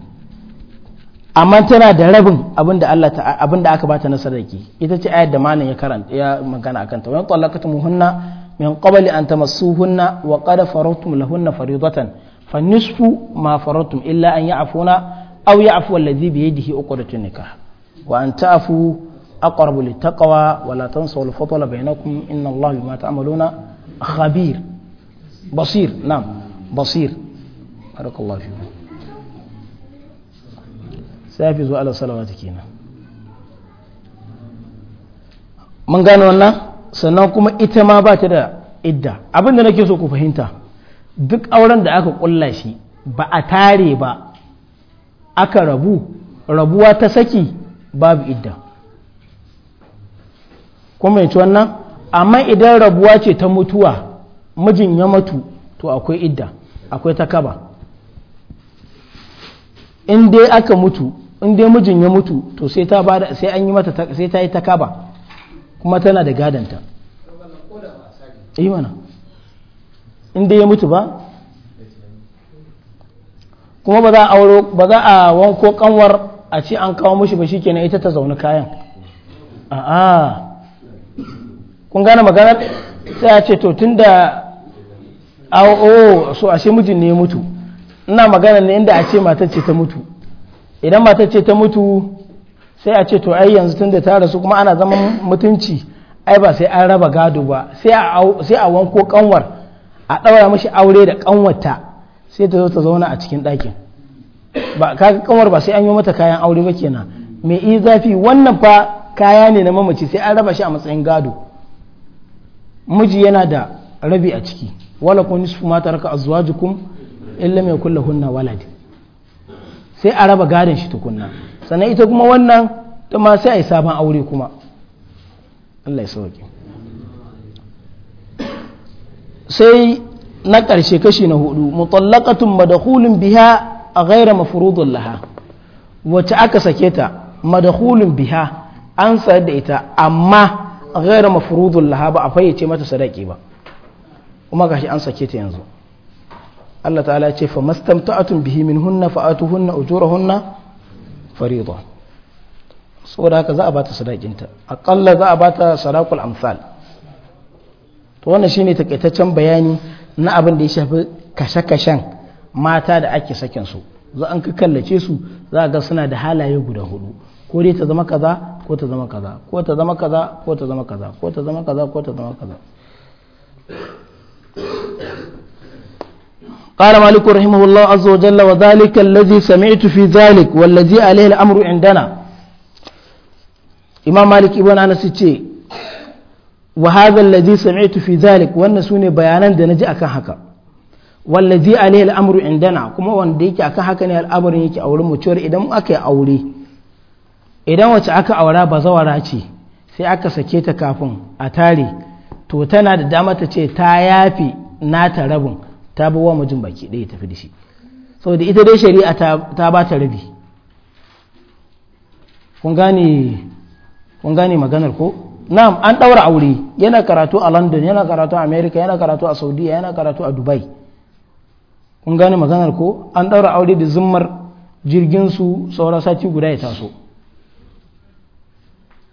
amma tana da rabin abinda Allah ta abinda aka bata na sadaki ita ce ayat da malam ya karanta ya magana akan ta wa talaqatumuhunna min qabli an tamassuhunna wa qad faradtum lahunna faridatan فالنصف ما فرضتم إلا أن يعفونا أو يعفو الذي بيده wa an وأن تعفوا أقرب للتقوى ولا تنسوا الفضل بينكم إن الله بما تعملون خبير بصير نعم بصير بارك الله فيكم على من wannan sannan kuma ita ma bata da idda abin da nake so ku fahimta duk auren da aka ƙulla shi ba a tare ba aka rabu rabuwa ta saki babu idda kuma yanci wannan amma idan rabuwa ce ta mutuwa mijin ya mutu to akwai idda akwai ta kaba in dai aka mutu in dai mijin ya mutu to sai ta bada sai an yi mata sai ta yi ta kaba kuma tana da gadanta yi eh mana in dai ya mutu ba kuma ba za a auro ba za a wanko kanwar a ce an kawo mishi ba shi kenan ita ta zaune kayan a'a kun gane maganar sai a ce to da awo oh, so ashe mijin ne ya mutu ina magana ne inda a ce matar ce ta mutu idan matar ce ta mutu sai a ce to ai yanzu tun da ta rasu kuma ana zaman mutunci ai ba sai an raba gado ba sai a wanko kanwar a ɗaura mashi aure da kanwarta sai ta zo ta zauna a cikin ɗakin ba kaga kanwar ba sai an yi mata kayan aure ba kenan mai iya zafi wannan fa kaya ne na mamaci sai an raba shi a matsayin gado miji yana da rabi a ciki wala kun nisfu ma taraka azwajukum illa lam yakul lahunna walad sai a raba gadon shi tukunna sannan ita kuma wannan ta ma sai a yi sabon aure kuma Allah ya sauke sai na ƙarshe kashi na hudu mutallaqatun madkhulun biha a ghaira mafurudun laha wacce aka sake ta madkhulun biha an sayar da ita amma ghayra mafrudul laha ba a fayyace mata sadaki ba kuma gashi an sake ta yanzu Allah ta'ala ya ce fa mastamta'atun bihi min hunna fa atuhunna ujurahunna fariḍa saboda haka za a bata ta akalla za a bata sadaqul amsal to wannan shine takaitaccen bayani na abin da ya shafi kashe-kashen mata da ake sakin su za an ka kallace su za a ga suna da halaye guda hudu ko dai ta zama kaza ko ta zama kaza ko ta zama kaza ko ta zama kaza ko ta zama kaza ko ta zama kaza قال مالك رحمه الله عز وجل وذلك الذي سمعت في ذلك والذي عليه الأمر عندنا إمام مالك ابن أنس يتي وهذا الذي سمعت في ذلك وأن سوني بيانا دنجي أكن حكا والذي عليه الأمر عندنا كما وأن ديك أكن حكا الأمر يكي أولي متور إذا أكي أولي idan wace aka aura ba zawara ce sai aka sake ta kafin a tare to tana da dama ta ce ta yafi nata rabin ta bi wa mujin baki ɗaya tafi da shi saboda ita dai shari'a ta ba ta rabi kun gane maganar ko na'am an ɗaura aure yana karatu a london yana karatu a america yana karatu a saudiya yana karatu a dubai kun gane maganar ko an ɗaura aure da zimmar jirgin su sauran sati guda ya taso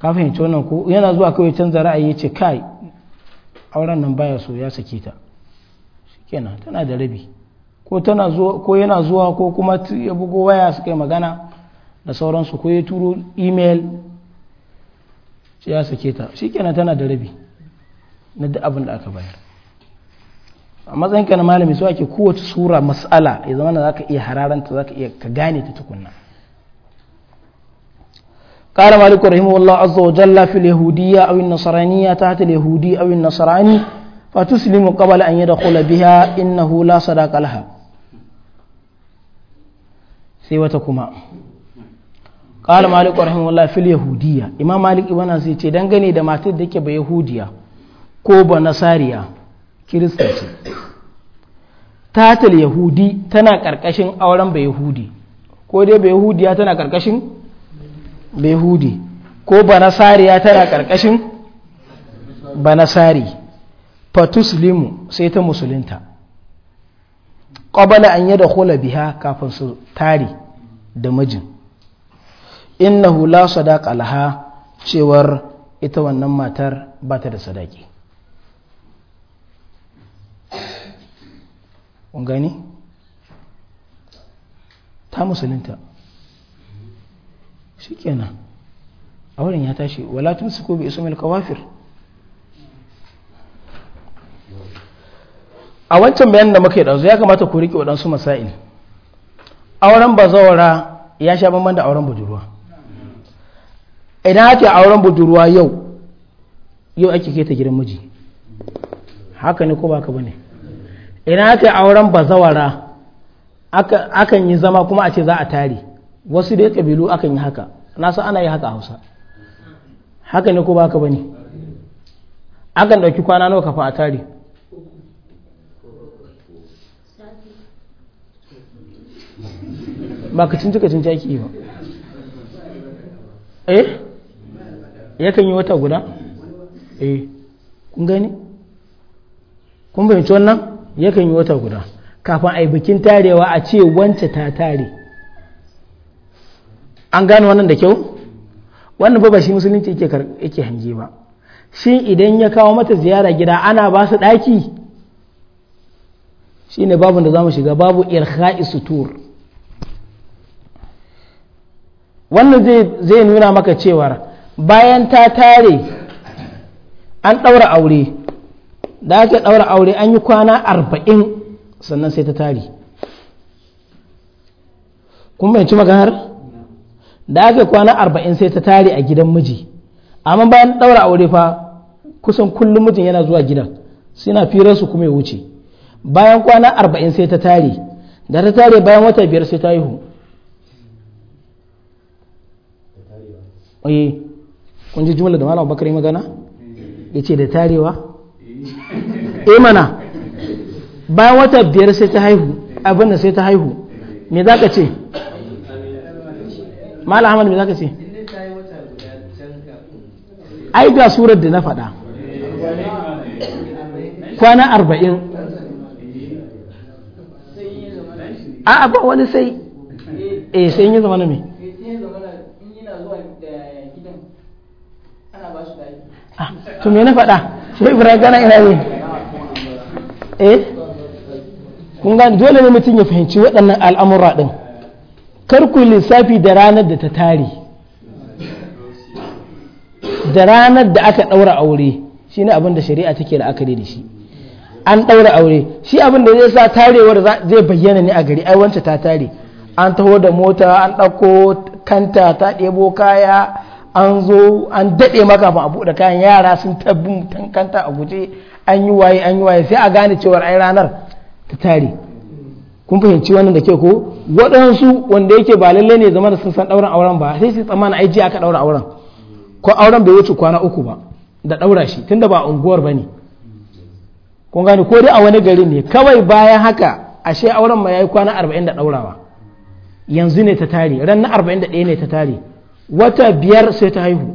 kafin fahimci wannan ko yana zuwa kawai canza ra'ayi ya ce kai auren nan baya so ya sake ta shikenan tana da rabi ko tana zuwa ko yana zuwa ko kuma ya bugo waya su kai magana da sauransu ko ya turo email ya sake ta shikenan tana da rabi na duk abin da aka bayar a matsayin ka na malami so ake kowace sura mas'ala ya zama na zaka iya hararanta zaka iya ka gane ta tukunna قال مالك رحمه الله عز وجل في اليهودية أو النصرانية تحت اليهودي أو النصراني فتسلم قبل أن يدخل بها إنه لا صداق لها سيوتكما قال مالك رحمه الله في اليهودية إمام مالك ابن أزيتي دنغني دماتي ديك بيهودية كوبا نصاريا كريستاسي تحت اليهودي تنا كركشن أولا بيهودي ko dai bai yahudiya tana karkashin behudi ko banasariya tana ƙarƙashin banasari fatuslimu sai ta musulunta ƙwabala an yi da hula biya kafin su tari da mijin inna hula sadaka laha cewar ita wannan matar ba ta da sadaki gani ta musulunta a auren ya tashi wala tumsiku bi ismil kawafir a wancan bayanin da muka yi ɗanzu ya kamata ku riƙe waɗansu masa'il auren bazawara ya sha bamban da auren budurwa idan ake auren budurwa yau yau ake keta gidan miji haka ne ko ba ka bane idan ake auren bazawara akan yi zama kuma a ce za a tare wasu dai kabilu akan yi haka nasa ana yi haka a hausa haka ne ko ba ka ba ne akan ɗauki kwana nawa kafa a tari ba ka cinci ka cinci ake yi ba eh yakan yi wata guda eh kun gani kun bayanci wannan yakan yi wata guda kafin a yi bikin tarewa a ce wance ta tare an gano wannan da kyau wannan ba shi musulunci yake hange ba Shin idan ya kawo mata ziyara gida ana ba su ɗaki shi ne babin da za mu shiga babu irha'i sutur wannan zai nuna maka cewar bayan ta tare an ɗaura aure da aka ɗaura aure an yi kwana arba'in sannan sai ta tare kuma yanci maganar da aka kwana arba'in sai ta tare a gidan miji amma bayan ɗaura aure fa kusan kullum mijin yana zuwa gidan suna firar su kuma ya wuce bayan kwana arba'in sai ta tare da ta tare bayan wata biyar sai ta haihu eh kun ji jimla da malam bakar magana ya ce da tarewa E mana bayan wata biyar sai ta haihu abinda sai ta haihu me za ka ce malam ahmad me zaka ce ai ga surar da na faɗa kwana arba'in a ba wani sai eh sai yi zama na me ah, to me na faɗa sai ibrahim gana ina ne eh kun gani dole ne mutum ya fahimci waɗannan al'amura ɗin kar lissafi da ranar da ta tare da ranar da aka ɗaura aure shi ne abin da shari'a take la'akari da shi an ɗaura aure shi abin da zai sa tarewar zai bayyana ne a gari ai wancan ta tare an taho da mota an ɗauko kanta ta ɗebo kaya an zo an daɗe maka ba a buɗe kayan yara sun tabbin kanta a guje an yi waye an yi waye sai a gane cewar ai ranar ta tare kun fahimci wannan da ke ko waɗansu wanda yake ba lalle ne zama da sun san ɗauran auren ba sai su tsammana ai jiya aka ɗaura auren ko auren bai wuce kwana uku ba da ɗaura shi tunda ba unguwar ba ne kun gane ko dai a wani gari ne kawai bayan haka ashe auren ma yayi kwana arba'in da ɗaurawa yanzu ne ta tare ran na arba'in da ɗaya ne ta tare wata biyar sai ta haihu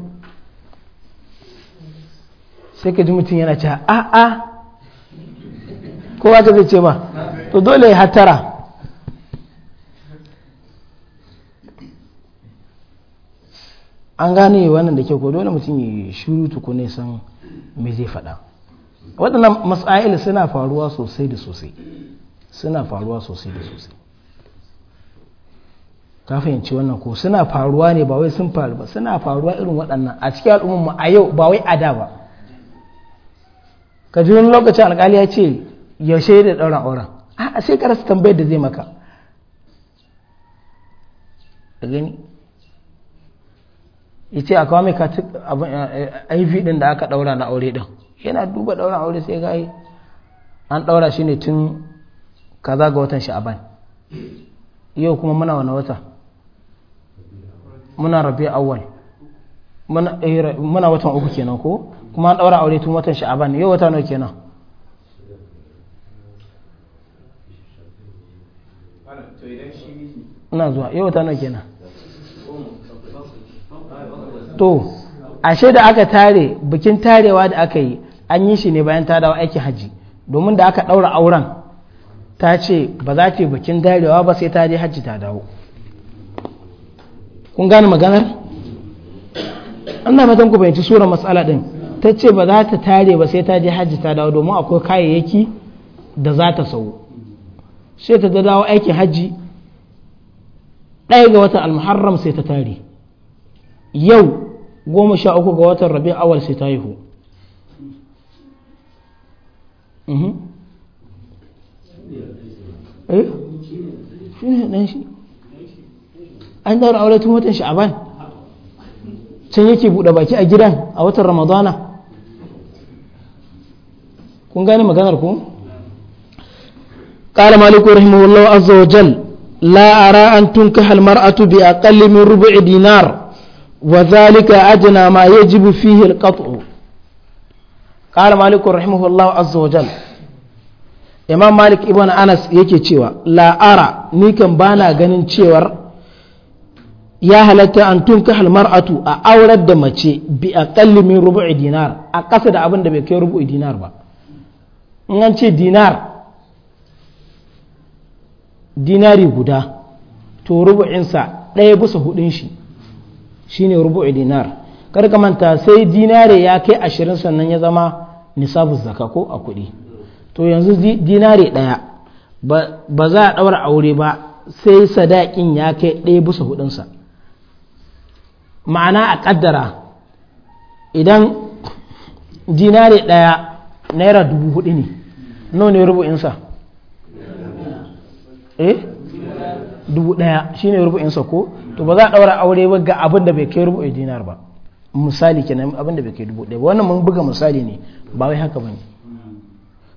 sai ka ji mutum yana cewa a'a kowa ka zai ce ma to dole ya hatara an gane wannan da ke ko dole mutum ya shuru tukune san me zai faɗa waɗannan matsayil suna faruwa sosai da sosai suna faruwa sosai da sosai ka fahimci wannan ko suna faruwa ne ba wai sun faru ba suna faruwa irin waɗannan a cikin mu a yau ba wai a da ba ka ji wani lokacin alƙali ya ce yaushe da ɗauran auren a sai ka rasa tambayar da zai maka a gani ya ce a kawo mai kati aifi eh, ɗin da aka ɗaura na aure ɗin yana duba ɗaura aure sai ga an ɗaura shi ne tun kaza ga watan sha'aban yau kuma muna wani wata muna rabe awwal eh, muna watan uku kenan ko kuma an ɗaura aure tun watan sha'aban yau wata nawa kenan ina zuwa yau ta nawa kenan to ashe da aka tare bikin tarewa da aka yi an yi shi ne bayan ta dawo aikin haji domin da aka ɗaura auren ta ce ba za ta yi bikin darewa ba sai ta je hajji ta dawo kun gane maganar ina matan ku fahimci sura matsala din ta ce ba za ta tare ba sai ta je hajji ta dawo domin akwai kayayyaki da za ta sau sai ta dawo aikin hajji. ɗaya ga watan almuharram sai ta tare yau goma sha uku ga watan rabi awal sai ta haihu mhm. eh? an daura aure tun watan sha'aban can yake buɗe baki a gidan a watan ramadana kun gane maganar ku قال مالك رحمه الله عز وجل لا أرى أن تنكح المرأة بأقل من ربع دينار وذلك أدنى ما يجب فيه القطع قال مالك رحمه الله عز وجل imam malik ibn anas yake cewa la'ara ni kan bana ganin cewar ya halatta an tunka mar'atu a aurar da mace bi aqalli min rubu'i dinar a ƙasa da abin da bai kai rubu'i dinar ba in an ce dinar dinari guda to rubu'insa ɗaya bisa hudun shi shine rubu'i dinar karka manta sai dinare ya kai ashirin sannan ya zama nisabu zaka ko a kuɗi to yanzu dinare ɗaya ba za a ɗaura aure ba sai sadakin ya kai ɗaya bisa hudunsa ma'ana a ƙaddara idan dinare ɗaya naira dubu hudu ne nawa ne rubu'insa eh dubu ɗaya shine rubu'in sa ko to ba za a ɗaura aure ba ga abin da bai kai rubu'in dinar ba misali kenan abin da bai kai dubu daya ba wannan mun buga misali ne ba wai haka bane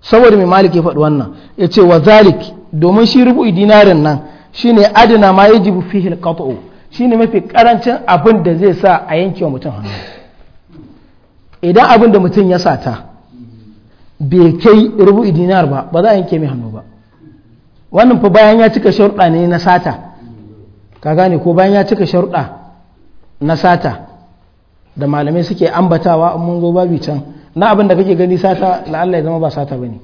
saboda mai maliki ya faɗi wannan ya ce wa zalik domin shi rubu'i dinarin nan shine adana ma yajibu fihi alqat'u shine mafi karancin abin da zai sa a yanke wa mutum hannu idan abin da mutum ya sata bai kai rubu'i dinar ba ba za a yanke mai hannu ba wannan fa bayan ya cika sharuɗa ne na sata ka gane ko bayan ya cika sharuɗa na sata da malamai suke ambatawa an mun zo babu can na abin da kake gani sata Allah ya zama ba sata bane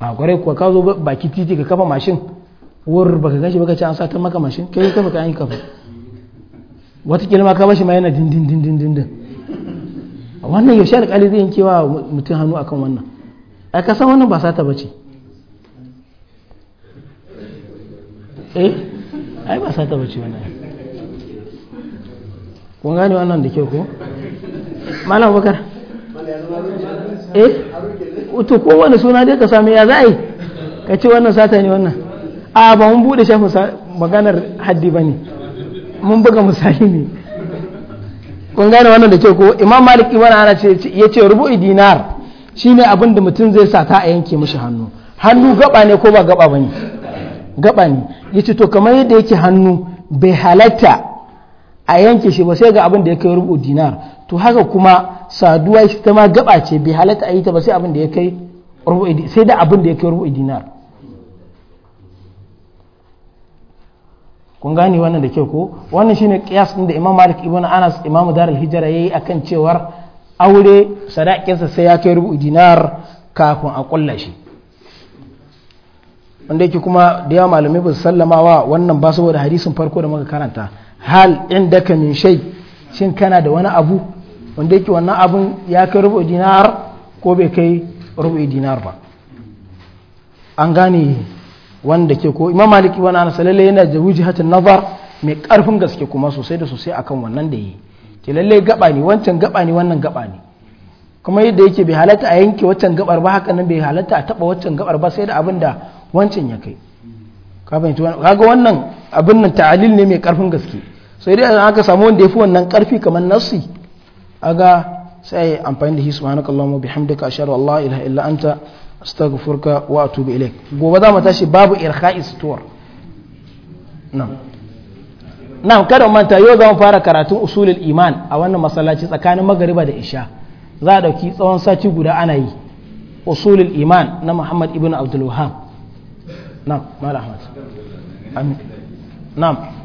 a kwarai kuwa ka zo baki titi ka kafa mashin wur baka gashi baka ci an satar maka mashin kai ka yi an kafa wata ma ka bashi ma yana din din din wannan yaushe alƙali zai yankewa mutum hannu akan wannan a kasan wannan ba sata bace eh ai ba taba bace wannan kun gane wannan da ke ko malam bakar eh to wani suna dai ka sami ya za a yi ka ce wannan sata ne wannan a ba mun bude shafi maganar haddi ba ne mun buga misali ne kun gane wannan da ke ko imam malik ibn ana ce ya ce rubu'i dinar shine abin da mutum zai sata a yanke mishi hannu hannu gaba ne ko ba gaba bane gaba ne ya ce to kamar yadda yake hannu bai halatta a yanke shi ba sai ga abin da ya kai rubu dinar to haka kuma saduwa shi ta ma gaba ce bai halatta a yi ta ba sai abin da ya kai rubu sai da abin da ya kai rubu dinar kun gane wannan da kyau ko wannan shine kiyas din da Imam Malik ibn Anas Imam Darul Hijra yayi akan cewar aure sadakinsa sai ya kai rubu dinar kafin a kulla shi wanda yake kuma da yawa malamai ba su sallama wa wannan ba saboda hadisin farko da muka karanta hal ka min shai shin kana da wani abu wanda yake wannan abun ya kai rubu dinar ko bai kai rubu dinar ba an gane wanda ke ko imam maliki wani ana salalle yana da wujihatin nazar mai karfin gaske kuma sosai da sosai akan wannan da yi ke lalle gaba ne wancan gaba ne wannan gaba ne kuma yadda yake bai halatta a yanke waccan gabar ba haka nan bai halatta a taba waccan gabar ba sai da abin da wancan ya kai kaga wannan abin nan ta'alil ne mai karfin gaske sai dai an aka samu wanda ya fi wannan karfi kamar a aga sai amfani da hisu ma'anaka Allahumma bihamdika ashhadu an la ila illa ta astagfurka wa a tubi ilai gobe za mu tashi babu irka sutur na'am na'am kada manta yau za mu fara karatun usulul iman a wannan masallaci tsakanin magariba da isha za a ɗauki tsawon sati guda ana yi usulul iman na Muhammad ibn Abdul نعم ما أحمد نعم